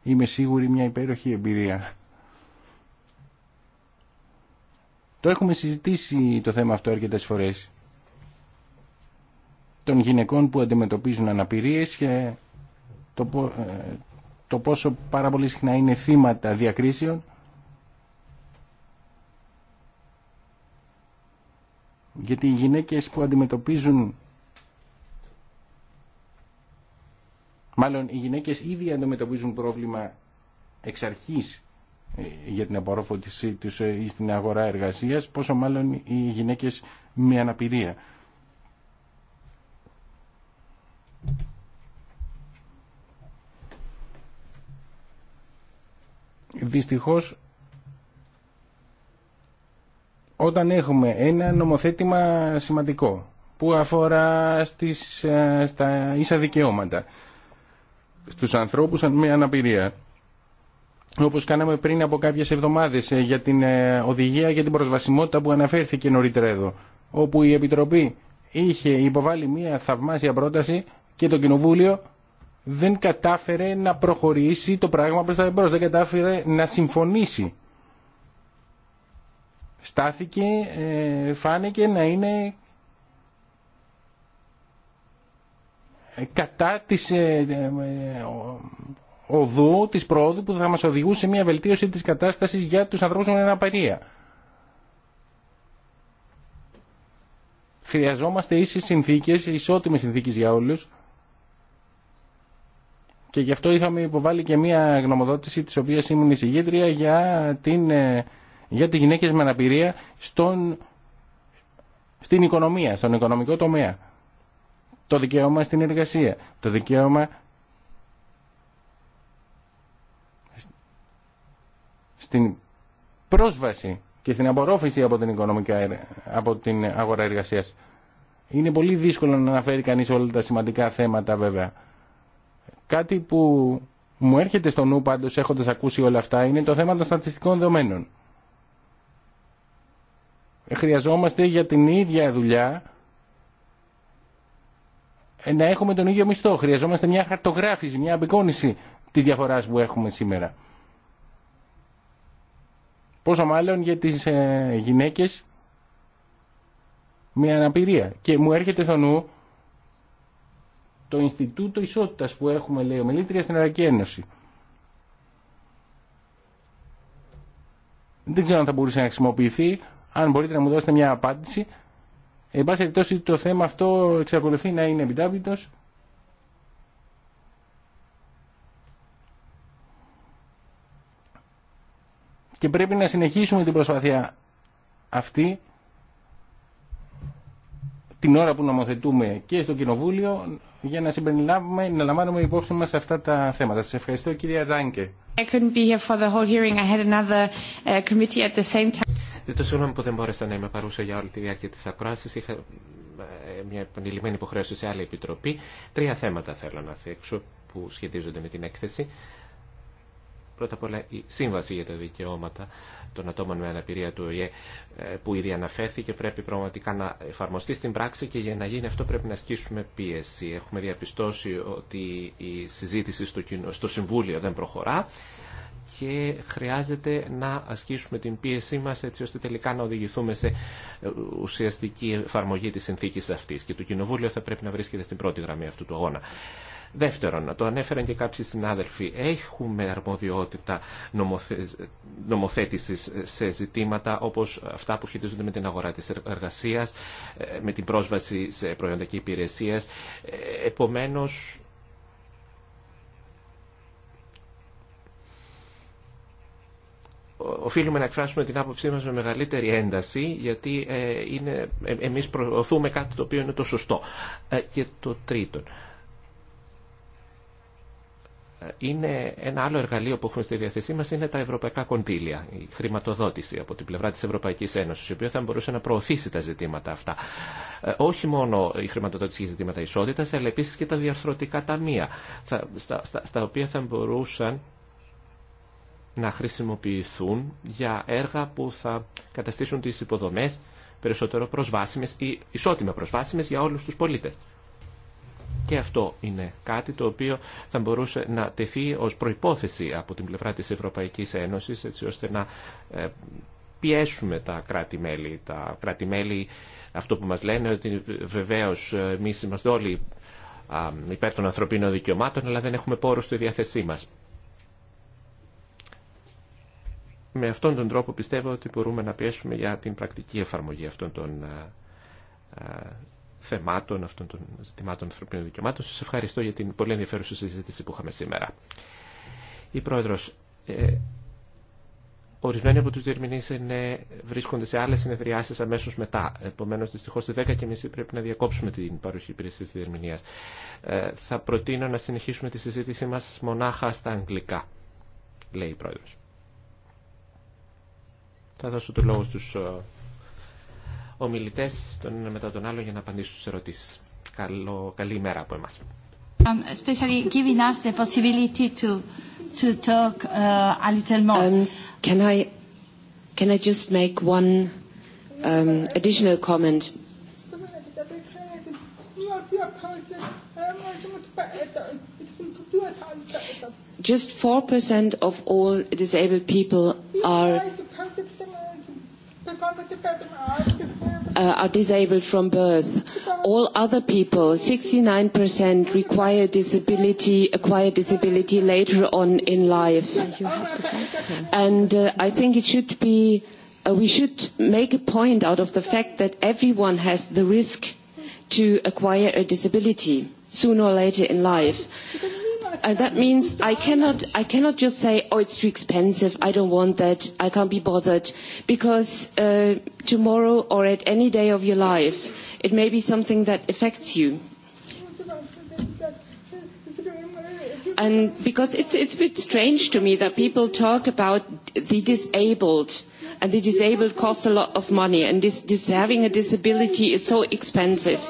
είμαι σίγουρη, μια υπέροχη εμπειρία. Το έχουμε συζητήσει το θέμα αυτό αρκετές φορές. Των γυναικών που αντιμετωπίζουν αναπηρίες και το, ε, το πόσο πάρα πολύ συχνά είναι θύματα διακρίσεων γιατί οι γυναίκες που αντιμετωπίζουν μάλλον οι γυναίκες ήδη αντιμετωπίζουν πρόβλημα εξ αρχής ε, για την απορρόφωτησή τους ε, ή στην αγορά εργασίας, πόσο μάλλον οι γυναίκες με αναπηρία. Δυστυχώς όταν έχουμε ένα νομοθέτημα σημαντικό που αφορά στις, ε, στα ίσα δικαιώματα στους ανθρώπους με αναπηρία όπως κάναμε πριν από κάποιες εβδομάδες ε, για την ε, οδηγία για την προσβασιμότητα που αναφέρθηκε νωρίτερα εδώ όπου η Επιτροπή είχε υποβάλει μια θαυμάσια πρόταση και το Κοινοβούλιο δεν κατάφερε να προχωρήσει το πράγμα προς τα εμπρός, δεν κατάφερε να συμφωνήσει στάθηκε, ε, φάνηκε να είναι κατά της ε, ε, οδού, της πρόοδου που θα μας οδηγούσε μια βελτίωση της κατάστασης για τους ανθρώπους με αναπαρία. Χρειαζόμαστε ίσες συνθήκες, ισότιμες συνθήκες για όλους και γι' αυτό είχαμε υποβάλει και μια γνωμοδότηση της οποίας ήμουν εισηγήτρια για την για τις γυναίκες με αναπηρία στον, στην οικονομία, στον οικονομικό τομέα. Το δικαίωμα στην εργασία, το δικαίωμα στην πρόσβαση και στην απορρόφηση από την, από την αγορά εργασίας. Είναι πολύ δύσκολο να αναφέρει κανείς όλα τα σημαντικά θέματα βέβαια. Κάτι που μου έρχεται στο νου πάντως έχοντας ακούσει όλα αυτά είναι το θέμα των στατιστικών δεδομένων χρειαζόμαστε για την ίδια δουλειά να έχουμε τον ίδιο μισθό. Χρειαζόμαστε μια χαρτογράφηση, μια απεικόνηση της διαφοράς που έχουμε σήμερα. Πόσο μάλλον για τις ε, γυναίκες μια αναπηρία. Και μου έρχεται στο νου το Ινστιτούτο Ισότητας που έχουμε, λέει, ομιλήτρια στην Ευρωπαϊκή Ένωση. Δεν ξέρω αν θα μπορούσε να χρησιμοποιηθεί αν μπορείτε να μου δώσετε μια απάντηση. Εν πάση περιπτώσει το θέμα αυτό εξακολουθεί να είναι επιτάπητος. Και πρέπει να συνεχίσουμε την προσπάθεια αυτή την ώρα που νομοθετούμε και στο Κοινοβούλιο για να συμπεριλάβουμε, να λαμβάνουμε υπόψη μας αυτά τα θέματα. Σας ευχαριστώ κυρία Ράνκε το συγγνώμη που δεν μπόρεσα να είμαι παρούσα για όλη τη διάρκεια τη ακρόαση. Είχα ε, μια επανειλημμένη υποχρέωση σε άλλη επιτροπή. Τρία θέματα θέλω να θέξω που σχετίζονται με την έκθεση. Πρώτα απ' όλα η Σύμβαση για τα Δικαιώματα των Ατόμων με Αναπηρία του ΟΗΕ ε, που ήδη αναφέρθηκε πρέπει πραγματικά να εφαρμοστεί στην πράξη και για να γίνει αυτό πρέπει να ασκήσουμε πίεση. Έχουμε διαπιστώσει ότι η συζήτηση στο Συμβούλιο δεν προχωρά και χρειάζεται να ασκήσουμε την πίεσή μας έτσι ώστε τελικά να οδηγηθούμε σε ε, ουσιαστική εφαρμογή της συνθήκης αυτής και το Κοινοβούλιο θα πρέπει να βρίσκεται στην πρώτη γραμμή αυτού του αγώνα. Δεύτερον, το ανέφεραν και κάποιοι συνάδελφοι, έχουμε αρμοδιότητα νομοθε... νομοθέτησης σε ζητήματα όπως αυτά που σχετίζονται με την αγορά της εργασίας, ε, με την πρόσβαση σε προϊόντα και υπηρεσίες. Ε, επομένως, οφείλουμε να εκφράσουμε την άποψή μας με μεγαλύτερη ένταση γιατί ε, είναι, ε, εμείς προωθούμε κάτι το οποίο είναι το σωστό. Ε, και το τρίτο. Είναι ένα άλλο εργαλείο που έχουμε στη διαθεσή μα είναι τα ευρωπαϊκά κονδύλια, η χρηματοδότηση από την πλευρά τη Ευρωπαϊκή Ένωση, η οποία θα μπορούσε να προωθήσει τα ζητήματα αυτά. όχι μόνο η χρηματοδότηση για ζητήματα ισότητα, αλλά επίση και τα διαρθρωτικά ταμεία, στα, στα, στα οποία θα μπορούσαν να χρησιμοποιηθούν για έργα που θα καταστήσουν τις υποδομές περισσότερο προσβάσιμες ή ισότιμα προσβάσιμες για όλους τους πολίτες. Και αυτό είναι κάτι το οποίο θα μπορούσε να τεθεί ως προϋπόθεση από την πλευρά της Ευρωπαϊκής Ένωσης έτσι ώστε να ε, πιέσουμε τα κράτη-μέλη. Τα κράτη-μέλη αυτό που μας λένε ότι βεβαίως ε, εμείς είμαστε όλοι υπέρ των ανθρωπίνων δικαιωμάτων αλλά δεν έχουμε πόρους στη διάθεσή μας. με αυτόν τον τρόπο πιστεύω ότι μπορούμε να πιέσουμε για την πρακτική εφαρμογή αυτών των ε, ε, θεμάτων, αυτών των ζητημάτων ανθρωπίνων δικαιωμάτων. Σας ευχαριστώ για την πολύ ενδιαφέρουσα συζήτηση που είχαμε σήμερα. Η Πρόεδρος, ε, ορισμένοι από τους διερμηνείς είναι, βρίσκονται σε άλλες συνεδριάσεις αμέσως μετά. Επομένως, δυστυχώς, και 10.30 πρέπει να διακόψουμε την παροχή υπηρεσία της διερμηνίας. Ε, θα προτείνω να συνεχίσουμε τη συζήτησή μας μονάχα στα αγγλικά, λέει η Πρόεδρος. Θα δώσω το λόγο στους ομιλητές, τον ένα μετά τον άλλο, για να απαντήσουν στις ερωτήσεις. Καλό, καλή ημέρα από εμάς. Um, especially giving us the possibility to, to talk uh, a little more. Um, can, I, can I just make one um, additional comment? Just 4% of all disabled people are are disabled from birth. All other people, 69% require disability, acquire disability later on in life. And I think it should be, we should make a point out of the fact that everyone has the risk to acquire a disability sooner or later in life that means I cannot just say oh it's too expensive I don't want that I can't be bothered because tomorrow or at any day of your life it may be something that affects you and because it's it's a bit strange to me that people talk about the disabled and the disabled cost a lot of money and this having a disability is so expensive.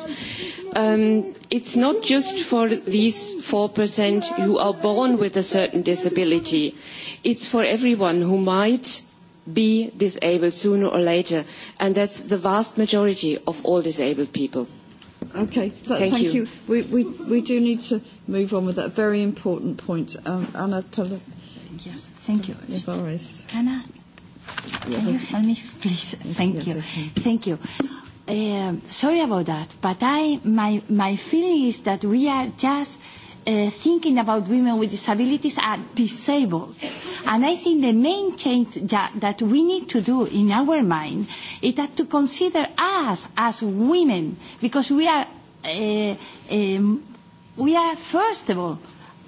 It's not just for these 4% who are born with a certain disability. It's for everyone who might be disabled sooner or later. And that's the vast majority of all disabled people. Okay, thank you. We do need to move on with that very important point. Anna Yes, thank you. Can Can you help me, please? Thank you. Thank you. Sorry about that, but I my my feeling is that we are just thinking about women with disabilities are disabled. And I think the main change that we need to do in our mind is that to consider us as women, because we are, we are first of all,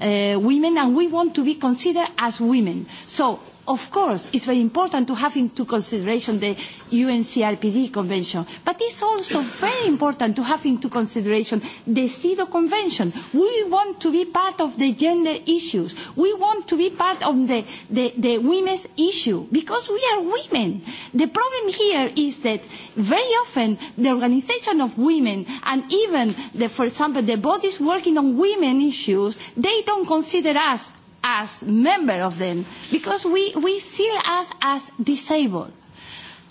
women and we want to be considered as women. So of course, it's very important to have into consideration the UNCRPD Convention, but it's also very important to have into consideration the CEDAW Convention. We want to be part of the gender issues. We want to be part of the women's issue, because we are women. The problem here is that very often the organisation of women and even, for example, the bodies working on women issues, they don't consider us as member of them because we see us as disabled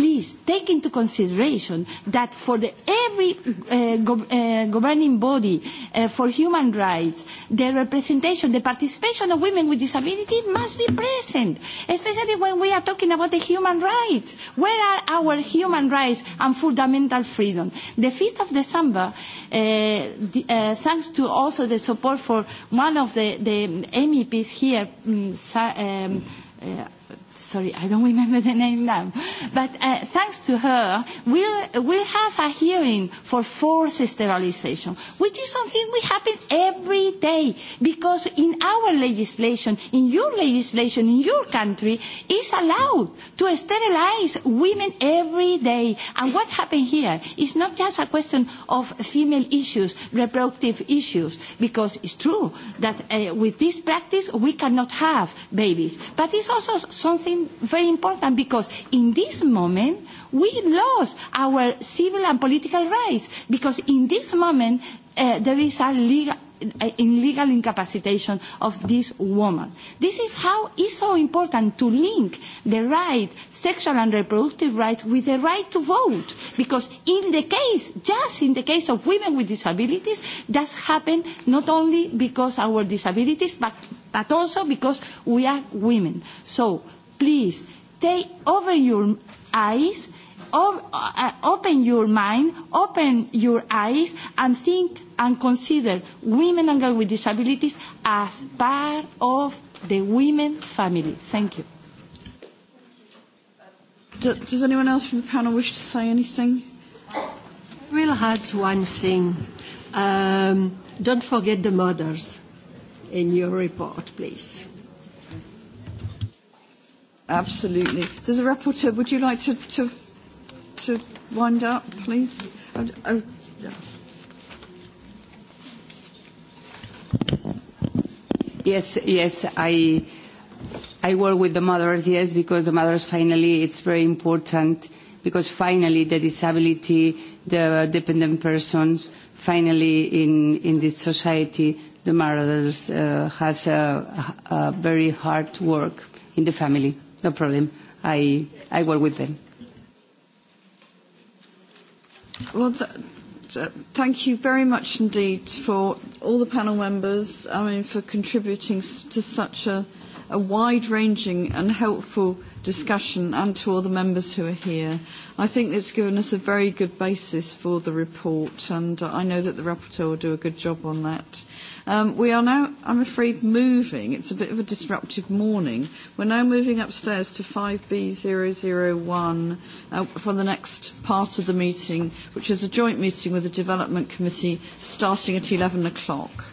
please take into consideration that for every governing body for human rights, the representation, the participation of women with disability must be present, especially when we are talking about the human rights. Where are our human rights and fundamental freedom? The 5th of December, thanks to also the support for one of the MEPs here, sorry, I don't remember the name now, but thanks to her, we we'll have a hearing for forced sterilization, which is something we happen every day, because in our legislation, in your legislation, in your country, it's allowed to sterilize women every day. And what happened here is not just a question of female issues, reproductive issues, because it's true that with this practice we cannot have babies, but it's also something very important because in this moment we lost our civil and political rights because in this moment there is a legal incapacitation of this woman. This is how is so important to link the right, sexual and reproductive rights, with the right to vote. Because in the case, just in the case of women with disabilities, that's happened not only because our disabilities, but also because we are women. So please take over your eyes, open your mind, open your eyes and think and consider women and girls with disabilities as part of the women family. Thank you. Does anyone else from the panel wish to say anything? I will add one thing. Don't forget the mothers in your report, please. Absolutely. Does the rapporteur, would you like to, to, to wind up, please? Yes, yes, I, I work with the mothers, yes, because the mothers finally, it's very important because finally the disability, the dependent persons, finally in, in this society, the mothers has a very hard work in the family. No problem. I I work with them. Well, thank you very much indeed for all the panel members. I mean, for contributing to such a a wide-ranging and helpful discussion and to all the members who are here. I think it's given us a very good basis for the report and I know that the rapporteur will do a good job on that. We are now, I'm afraid, moving. It's a bit of a disruptive morning. We're now moving upstairs to 5B001 for the next part of the meeting, which is a joint meeting with the Development Committee starting at 11 o'clock.